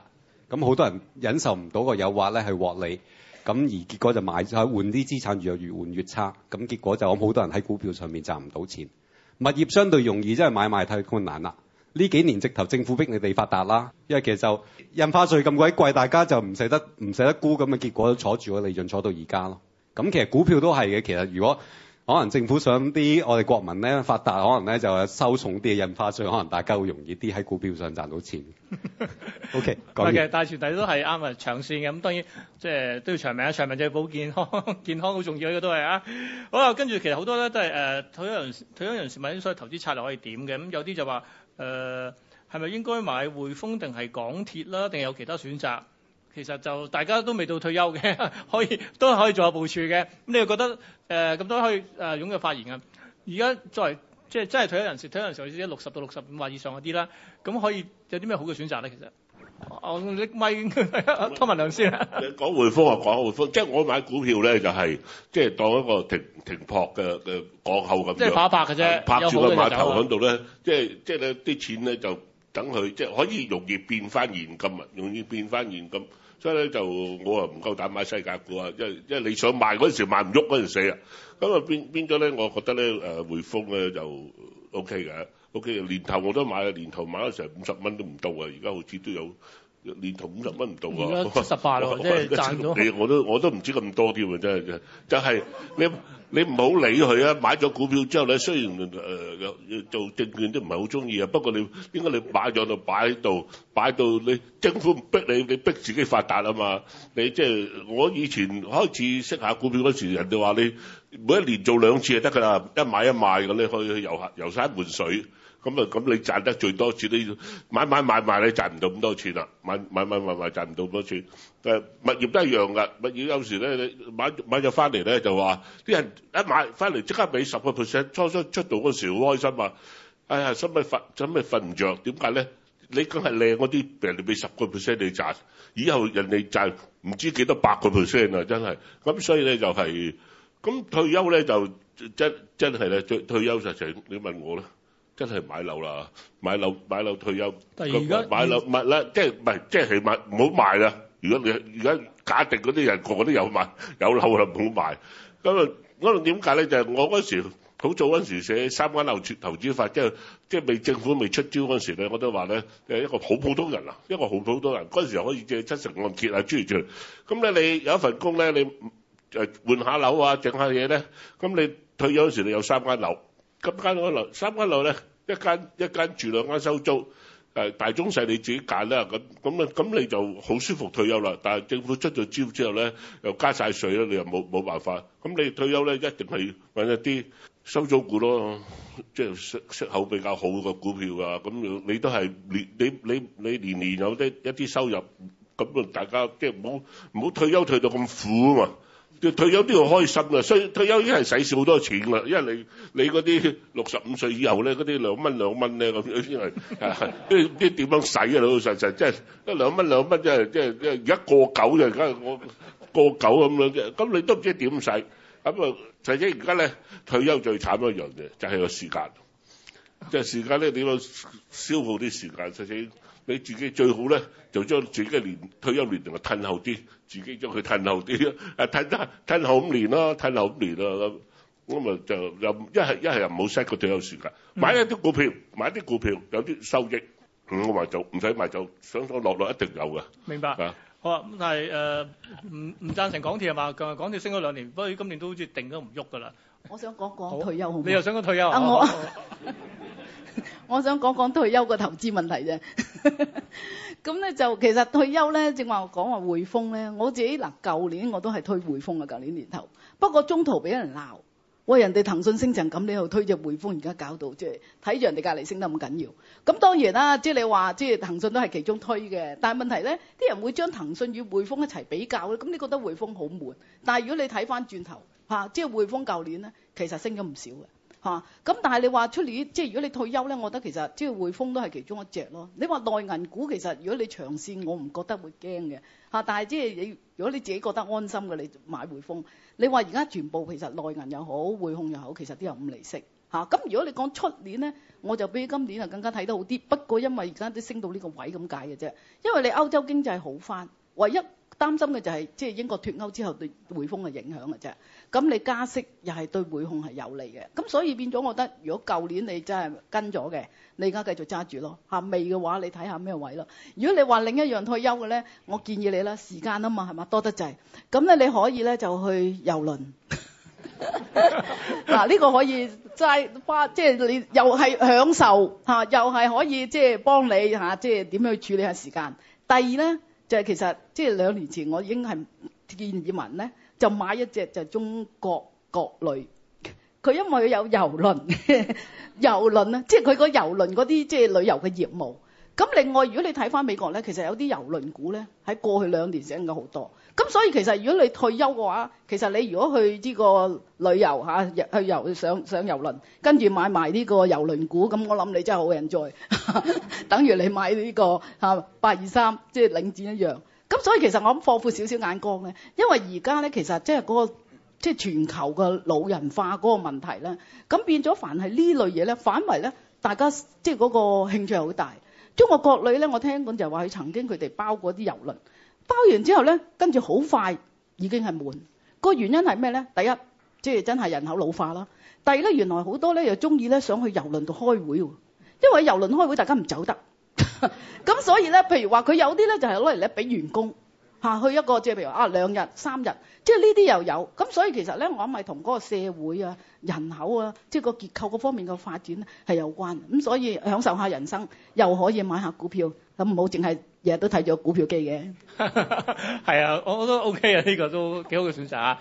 咁好多人忍受唔到個誘惑咧，去獲利咁，而結果就買咗換啲資產越越，越嚟越換越差。咁結果就好多人喺股票上面賺唔到錢。物業相對容易，即係買賣太困難啦。呢幾年直頭政府逼你哋發達啦，因為其實就印花稅咁鬼貴，大家就唔捨得唔捨得沽，咁嘅結果坐我，坐住個利潤坐到而家咯。咁其實股票都係嘅，其實如果可能政府想啲我哋國民咧發達，可能咧就收重啲嘅印花稅，可能大家會容易啲喺股票上賺到錢。O K. 好嘅，大前提都係啱啊，長線嘅。咁當然即係、就是、都要長命，長命就要保健康， (laughs) 健康好重要呢個都係啊。好啦，跟住其實好多咧都係誒、呃、退休人退休人士問所以投資策略可以點嘅，咁有啲就話誒係咪應該買匯豐定係港鐵啦，定係有其他選擇？其實就大家都未到退休嘅，可以都可以做下部署嘅。咁你又覺得誒咁、呃、都可以誒、呃、踴躍發言嘅？而家作為即係、就是、真係退休人士，退休人士好似六十到六十五或以上嗰啲啦，咁可以有啲咩好嘅選擇咧？其實，哦咪麥湯文亮先啦。講匯豐就、啊、講匯豐，即、就、係、是、我買股票咧，就係即係當一個停停泊嘅嘅港口咁樣。即係泊一泊嘅啫。泊住個碼頭響度咧，即係即係啲錢咧就等佢，即、就、係、是、可以容易變返現金啊！容易變返現金。所以呢，我就我啊唔夠膽買世界股㗎喎。因為你想賣嗰陣時，賣唔喐嗰陣死啊！咁啊變變咗咧？我覺得呢，滙豐咧就 O K 㗎。o、OK、K 年頭我都買啊，年頭買嗰時係五十蚊都唔到㗎。而家好似都有年頭五十蚊唔到㗎，而家七十八咯。哇即係賺咗。我都我都唔知咁多啲喎，真係真係，就係你 (laughs) 你唔好理佢啊！買咗股票之後咧，雖然誒有、呃、做證券都唔係好中意啊，不過你應該你擺咗就擺喺度，擺到你政府逼你，你逼自己發達啊嘛！你即係、就是、我以前開始識下股票嗰時，人哋話你每一年做兩次就得㗎啦，一買一賣咁，你可以去遊下遊山換水。咁啊咁你賺得最多錢，都要買買買買，你賺唔到咁多錢啦，買買買買買賺唔到咁多錢。誒，物業都係一樣㗎。物業有時咧，你買買咗翻嚟咧，就話啲人一買翻嚟即刻俾十個 percent，初初出道嗰時好開心啊！哎呀，想咪瞓，想咪瞓唔著，點解咧？你梗係靚嗰啲，人哋俾十個 percent 你賺，以後人哋賺唔知幾多百個 percent 啊！真係咁，所以咧，就係咁退休咧，就真真係咧，最退休就係你問我啦，真係買樓啦，買樓買樓退休。第二家買樓唔係咧，即係唔係即係，起碼唔好賣啦。如果你而家假定嗰啲人個個都有買有樓啦，唔好賣，咁啊，我問點解咧？就係我嗰時好早嗰時寫三間樓住投資法，即係即係未政府未出招嗰陣時咧，我都話咧，誒一個好普通人啊，一個好普通人嗰陣時可以借七成按揭啊，諸如此類。咁咧，你有一份工咧，你誒換下樓啊，整下嘢咧，咁你退休嗰時你有三間樓，咁間嗰間樓，三間樓咧，一間一間住，兩間收租，誒大中細你自己揀啦，咁咁咧，咁你就好舒服退休啦。但係政府出咗招之後咧，又加晒稅啦，你又冇冇辦法？咁你退休咧一定係揾一啲收租股咯，即係息息口比較好嘅股票啊。咁你都係年你你你年年有啲一啲收入，咁啊大家即係唔好唔好退休退到咁苦啊嘛～退休都要開心啦。所以退休已經係使少好多錢啦，因為你你嗰啲六十五歲以後咧，嗰啲兩蚊兩蚊咧咁樣因為，即係即係點樣使啊？老老實實即係一兩蚊兩蚊即係即係即係而家過九就梗係我過九咁樣嘅，咁你都唔知點使。咁啊，實際而家咧退休最慘一樣嘅就係個時間，即係時間咧點樣消耗啲時間，實際。你自己最好咧，就將自己嘅年退休年齡咪褪後啲，自己將佢褪後啲，誒褪得褪後五年咯，褪後五年啊咁，咁咪就又一係一係又唔好 set 個退休時間，買一啲股票，買啲股票有啲收益，唔好賣走，唔使賣走，上上落落一定有噶。明白。嚇，好啊，咁但係誒，唔唔贊成港鐵係嘛？佢話港鐵升咗兩年，不過今年都好似定都唔喐噶啦。我想講講退休好冇？你又想講退休啊？我。我想講講退休個投資問題啫，咁咧就其實退休咧正話講話匯豐咧，我自己嗱舊年我都係推匯豐啊，舊年年頭不過中途俾人鬧，喂，人哋騰訊升成咁你，又推隻匯豐，而家搞到即係睇住人哋隔籬升得咁緊要，咁當然啦，即係你話即係騰訊都係其中推嘅，但係問題咧啲人會將騰訊與匯豐一齊比較咧，咁你覺得匯豐好悶，但係如果你睇翻轉頭嚇，即係匯豐舊年咧其實升咗唔少嘅。嚇咁、啊，但係你話出年即係如果你退休咧，我覺得其實即係匯豐都係其中一隻咯。你話內銀股其實如果你長線，我唔覺得會驚嘅嚇。但係即係你如果你自己覺得安心嘅，你買匯豐。你話而家全部其實內銀又好，匯控又好，其實都有五釐息嚇。咁、啊啊、如果你講出年咧，我就比今年啊更加睇得好啲。不過因為而家都升到呢個位咁解嘅啫，因為你歐洲經濟好返，唯一。擔心嘅就係即係英國脱歐之後對匯豐嘅影響嘅啫。咁你加息又係對匯控係有利嘅。咁所以變咗，我覺得如果舊年你真係跟咗嘅，你而家繼續揸住咯。嚇未嘅話，你睇下咩位咯。如果你話另一樣退休嘅咧，我建議你啦，時間啊嘛係嘛多得滯。咁咧你可以咧就去遊輪。嗱 (laughs) 呢、 (laughs) 啊呢個可以齋花，即、就、係、是、你又係享受嚇、啊，又係可以即係、就是、幫你嚇，即係點樣去處理下時間。第二咧。就係其實，即、就、係、是、兩年前我已經係建議民咧，就買一隻就中國國旅。佢因為有遊輪，遊 (laughs) 輪啊，即係佢個遊輪嗰啲即係旅遊嘅業務。咁另外，如果你睇返美國咧，其實有啲遊輪股咧喺過去兩年升咗好多。咁所以其實如果你退休嘅話，其實你如果去呢個旅遊嚇，去遊上上遊輪，跟住買埋呢個遊輪股，咁我諗你真係好人才，等於你買呢個嚇八二三，即係領展一樣。咁所以其實我諗放闊少少眼光咧，因為而家咧其實即係嗰個即係全球嘅老人化嗰個問題咧，咁變咗凡係呢類嘢咧，反為咧大家即係嗰個興趣好大。中國國旅咧，我聽講就話佢曾經佢哋包過啲遊輪。包完之後咧，跟住好快已經係悶。個原因係咩咧？第一，即係真係人口老化啦。第二咧，原來好多咧又中意咧想去遊輪度開會喎。因為遊輪開會，大家唔走得。咁 (laughs) 所以咧，譬如話佢有啲咧就係攞嚟咧俾員工嚇、啊、去一個即係譬如啊兩日三日，即係呢啲又有。咁所以其實咧，我咪同嗰個社會啊、人口啊，即係個結構嗰方面嘅發展係有關。咁所以享受下人生又可以買下股票，咁唔好淨係。日都睇咗股票機嘅，係 (laughs) 啊，我覺得 OK 啊，呢、這個都幾好嘅選擇啊。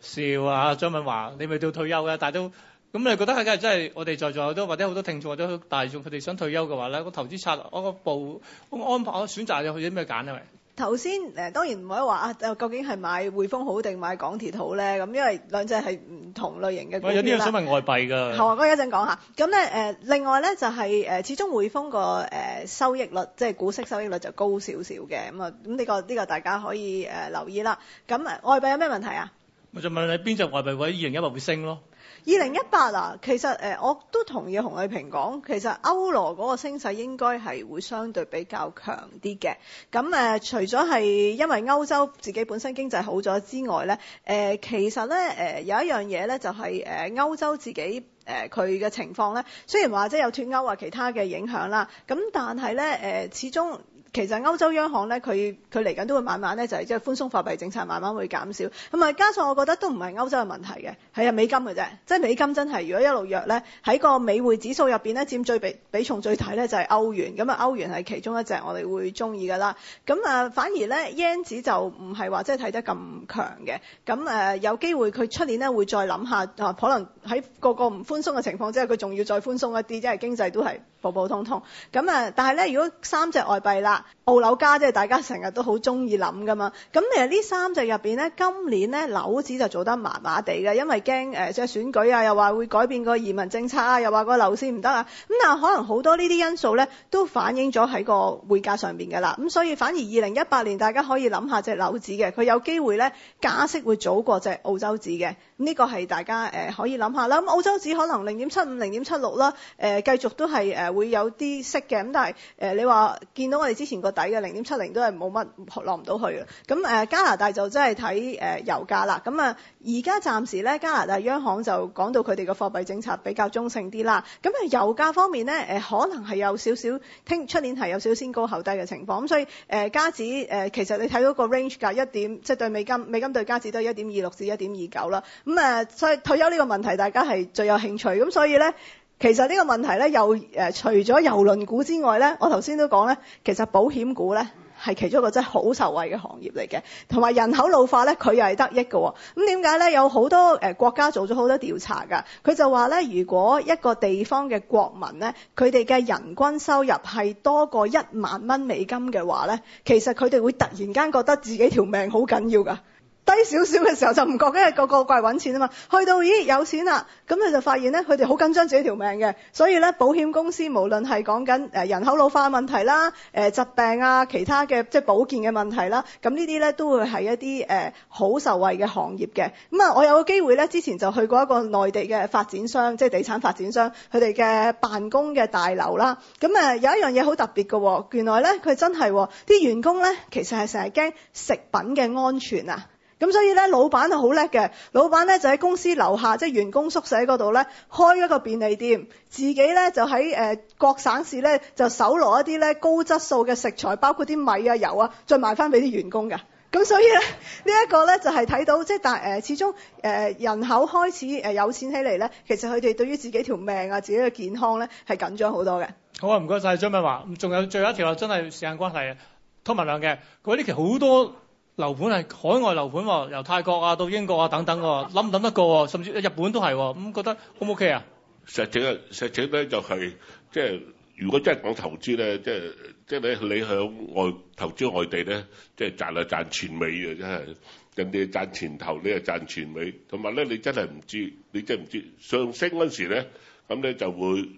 笑啊，張敏華，你咪到退休嘅、啊，但係都咁你覺得係梗係真係我哋在座都或者好多聽眾或者大眾佢哋想退休嘅話咧，那個投資策略，我個步，我安排，我選擇去咗咩揀咪？頭先誒當然唔可以話啊，究竟係買匯豐好定買港鐵好咧？咁、嗯、因為兩隻係唔同類型嘅股。有啲人想問外幣㗎、嗯。好啊，我講一陣講下。咁咧誒，另外咧就係、是、誒、呃，始終匯豐個誒收益率，即係股息收益率就高少少嘅，咁、嗯、啊、咁、這、呢個呢、這個大家可以誒、呃、留意啦。咁外幣有咩問題啊？我就問你邊隻外幣會二零一六會升咯？二零一八啦，其實誒我都同意洪麗萍講，其實歐羅嗰個升勢應該係會相對比較強啲嘅。咁誒、呃，除咗係因為歐洲自己本身經濟好咗之外咧，誒、呃、其實咧誒、呃、有一樣嘢咧就係誒歐洲自己誒佢嘅情況咧，雖然話即係有脫歐啊其他嘅影響啦，咁但係咧誒始終。其實歐洲央行咧，佢佢嚟緊都會慢慢咧，就係即係寬鬆貨幣政策慢慢會減少。咁啊，加上我覺得都唔係歐洲嘅問題嘅，係啊美金嘅啫。即係美金真係，如果一路弱咧，喺個美匯指數入面咧，佔最比比重最大咧就係、是、歐元。咁、嗯、啊，歐元係其中一隻我哋會中意㗎啦。咁、嗯、啊，反而咧，yen 子就唔係話即係睇得咁強嘅。咁、嗯、誒、呃、有機會佢出年咧會再諗下啊，可能喺個個唔寬鬆嘅情況之下，佢仲要再寬鬆一啲，即係經濟都係。普普通通咁啊！但係咧，如果三隻外幣啦，澳紐加即係大家成日都好中意諗噶嘛。咁其實呢三隻入邊咧，今年咧紐紙就做得麻麻地嘅，因為驚誒即係選舉啊，又話會改變個移民政策啊，又話個樓市唔得啊。咁但係可能好多呢啲因素咧，都反映咗喺個匯價上邊嘅啦。咁所以反而二零一八年大家可以諗下隻紐紙嘅，佢有機會咧加息會早過隻澳洲紙嘅。呢、這個係大家誒、呃、可以諗下啦。咁澳洲紙可能零點七五、零點七六啦，誒繼續都係誒。呃會有啲息嘅，咁但係誒、呃、你話見到我哋之前個底嘅零點七零都係冇乜落唔到去嘅。咁誒、呃、加拿大就真係睇誒油價啦。咁啊而家暫時咧加拿大央行就講到佢哋嘅貨幣政策比較中性啲啦。咁啊油價方面咧誒、呃、可能係有少少，聽出年係有少少先高後低嘅情況。咁所以誒、呃、加指誒、呃、其實你睇到個 range 價一點，即、就、係、是、對美金，美金對加指都係一點二六至一點二九啦。咁啊所以退休呢個問題大家係最有興趣。咁所以咧。其實呢個問題呢，又、呃、除咗郵輪股之外呢，我頭先都講呢，其實保險股呢，係其中一個真係好受惠嘅行業嚟嘅，同埋人口老化呢，佢又係得益嘅、哦。咁點解呢？有好多、呃、國家做咗好多調查㗎，佢就話呢，如果一個地方嘅國民呢，佢哋嘅人均收入係多過一萬蚊美金嘅話呢，其實佢哋會突然間覺得自己條命好緊要㗎。低少少嘅時候就唔覺得，因為個個掛揾錢啊嘛。去到，咦，有錢啦，咁佢就發現咧，佢哋好緊張自己條命嘅。所以咧，保險公司無論係講緊人口老化問題啦、誒、呃、疾病啊、其他嘅即係保健嘅問題啦，咁呢啲咧都會係一啲好、呃、受惠嘅行業嘅。咁啊，我有個機會咧，之前就去過一個內地嘅發展商，即係地產發展商，佢哋嘅辦公嘅大樓啦。咁啊，有一樣嘢好特別嘅、哦，原來咧佢真係啲、哦、員工咧，其實係成日驚食品嘅安全啊。咁所以咧，老闆係好叻嘅。老闆咧就喺公司樓下，即係員工宿舍嗰度咧，開一個便利店，自己咧就喺誒各省市咧就搜羅一啲咧高質素嘅食材，包括啲米啊、油啊，再賣翻俾啲員工嘅。咁所以咧，呢一個咧就係睇到即係誒始終誒人口開始誒有錢起嚟咧，其實佢哋對於自己條命啊、自己嘅健康咧係緊張好多嘅。好啊，唔該晒張敏華。仲有最後一條啊，真係時間關係啊，湯文亮嘅。嗰啲其實好多。樓盤係海外樓盤喎，由泰國啊到英國啊等等喎、啊，諗唔諗得過喎、啊？甚至日本都係喎，咁覺得 O 唔 O K 啊？實情啊，實情咧就係、是、即係，如果真係講投資咧，即係即係你你響外投資外地咧，即係賺啊賺全尾啊。真係人哋賺前頭，你係賺全尾。同埋咧，你真係唔知，你真係唔知上升嗰時咧，咁咧就會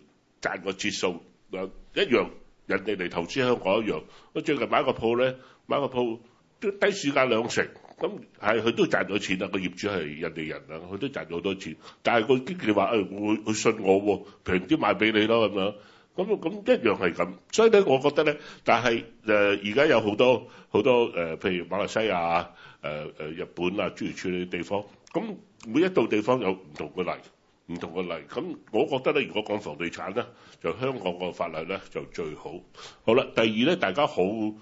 賺個折數，嗱一樣人哋嚟投資香港一樣。我最近買個鋪咧，買個鋪。低市價兩成，咁係佢都賺咗錢啦。個業主係印地人啦，佢都賺咗好多錢。但係佢堅決話誒，佢、哎、信我喎，平啲賣俾你咯咁樣。咁咁一樣係咁。所以咧，我覺得咧，但係誒，而家有好多好多誒，譬如馬來西亞、誒日本啊、諸如此類嘅地方，咁每一度地方有唔同嘅例子。唔同個例，咁我覺得咧，如果講房地產咧，就香港個法例咧就最好。好啦，第二咧，大家好唔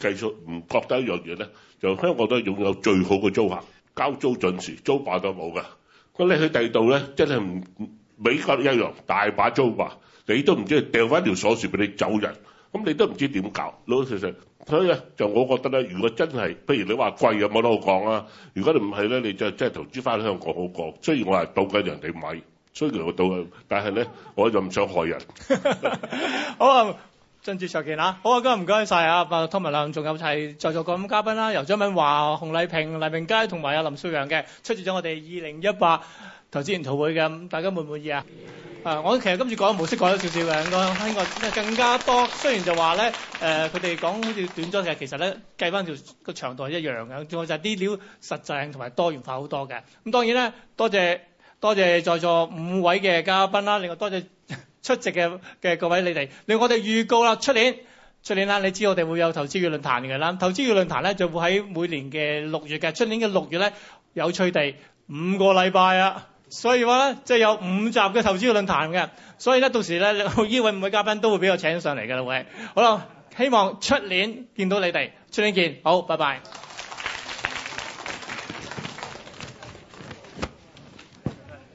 計數，唔覺得一樣嘢咧，就香港都係擁有最好嘅租客，交租準時，租霸都冇噶。咁你去第二度咧，真係唔美國一樣，大把租霸，你都唔知係掉翻條鎖匙俾你走人。咁、嗯、你都唔知點搞，老實實，所以咧就我覺得咧，如果真係，譬如你話貴啊，冇得好講啦。如果你唔係咧，你就真係投資翻喺香港好過。雖然我係賭緊人哋米，雖然我賭，但係咧我就唔想害人。 (laughs) (laughs) 好啊，再次見啊！好啊，今日唔該晒啊！啊，湯文亮，仲有齊在座各位嘉賓啦，由張敏華、洪麗萍、黎明佳同埋阿林少陽嘅出席咗我哋二零一八投資研討會嘅，大家滿唔滿意啊？啊，我其實今次講嘅模式改咗少少嘅，應該更加多。雖然就話咧，誒佢哋講好似短咗，但其實咧計翻條個長度係一樣嘅。仲有就係啲料實際同埋多元化好多嘅。咁當然啦，多謝多謝在座五位嘅嘉賓啦，另外多謝出席嘅嘅各位你哋。另外我哋預告啦，出年出年啦，你知道我哋會有投資嘅論壇嘅啦。投資嘅論壇咧就會喺每年嘅六月嘅。出年嘅六月咧，有趣地五個禮拜啊！所以話咧，即、就、係、是、有五集嘅投資論壇嘅，所以咧到時咧，依位每位嘉賓都會俾我請上嚟嘅啦，喂，好啦，希望出年見到你哋，出年見，好，拜拜。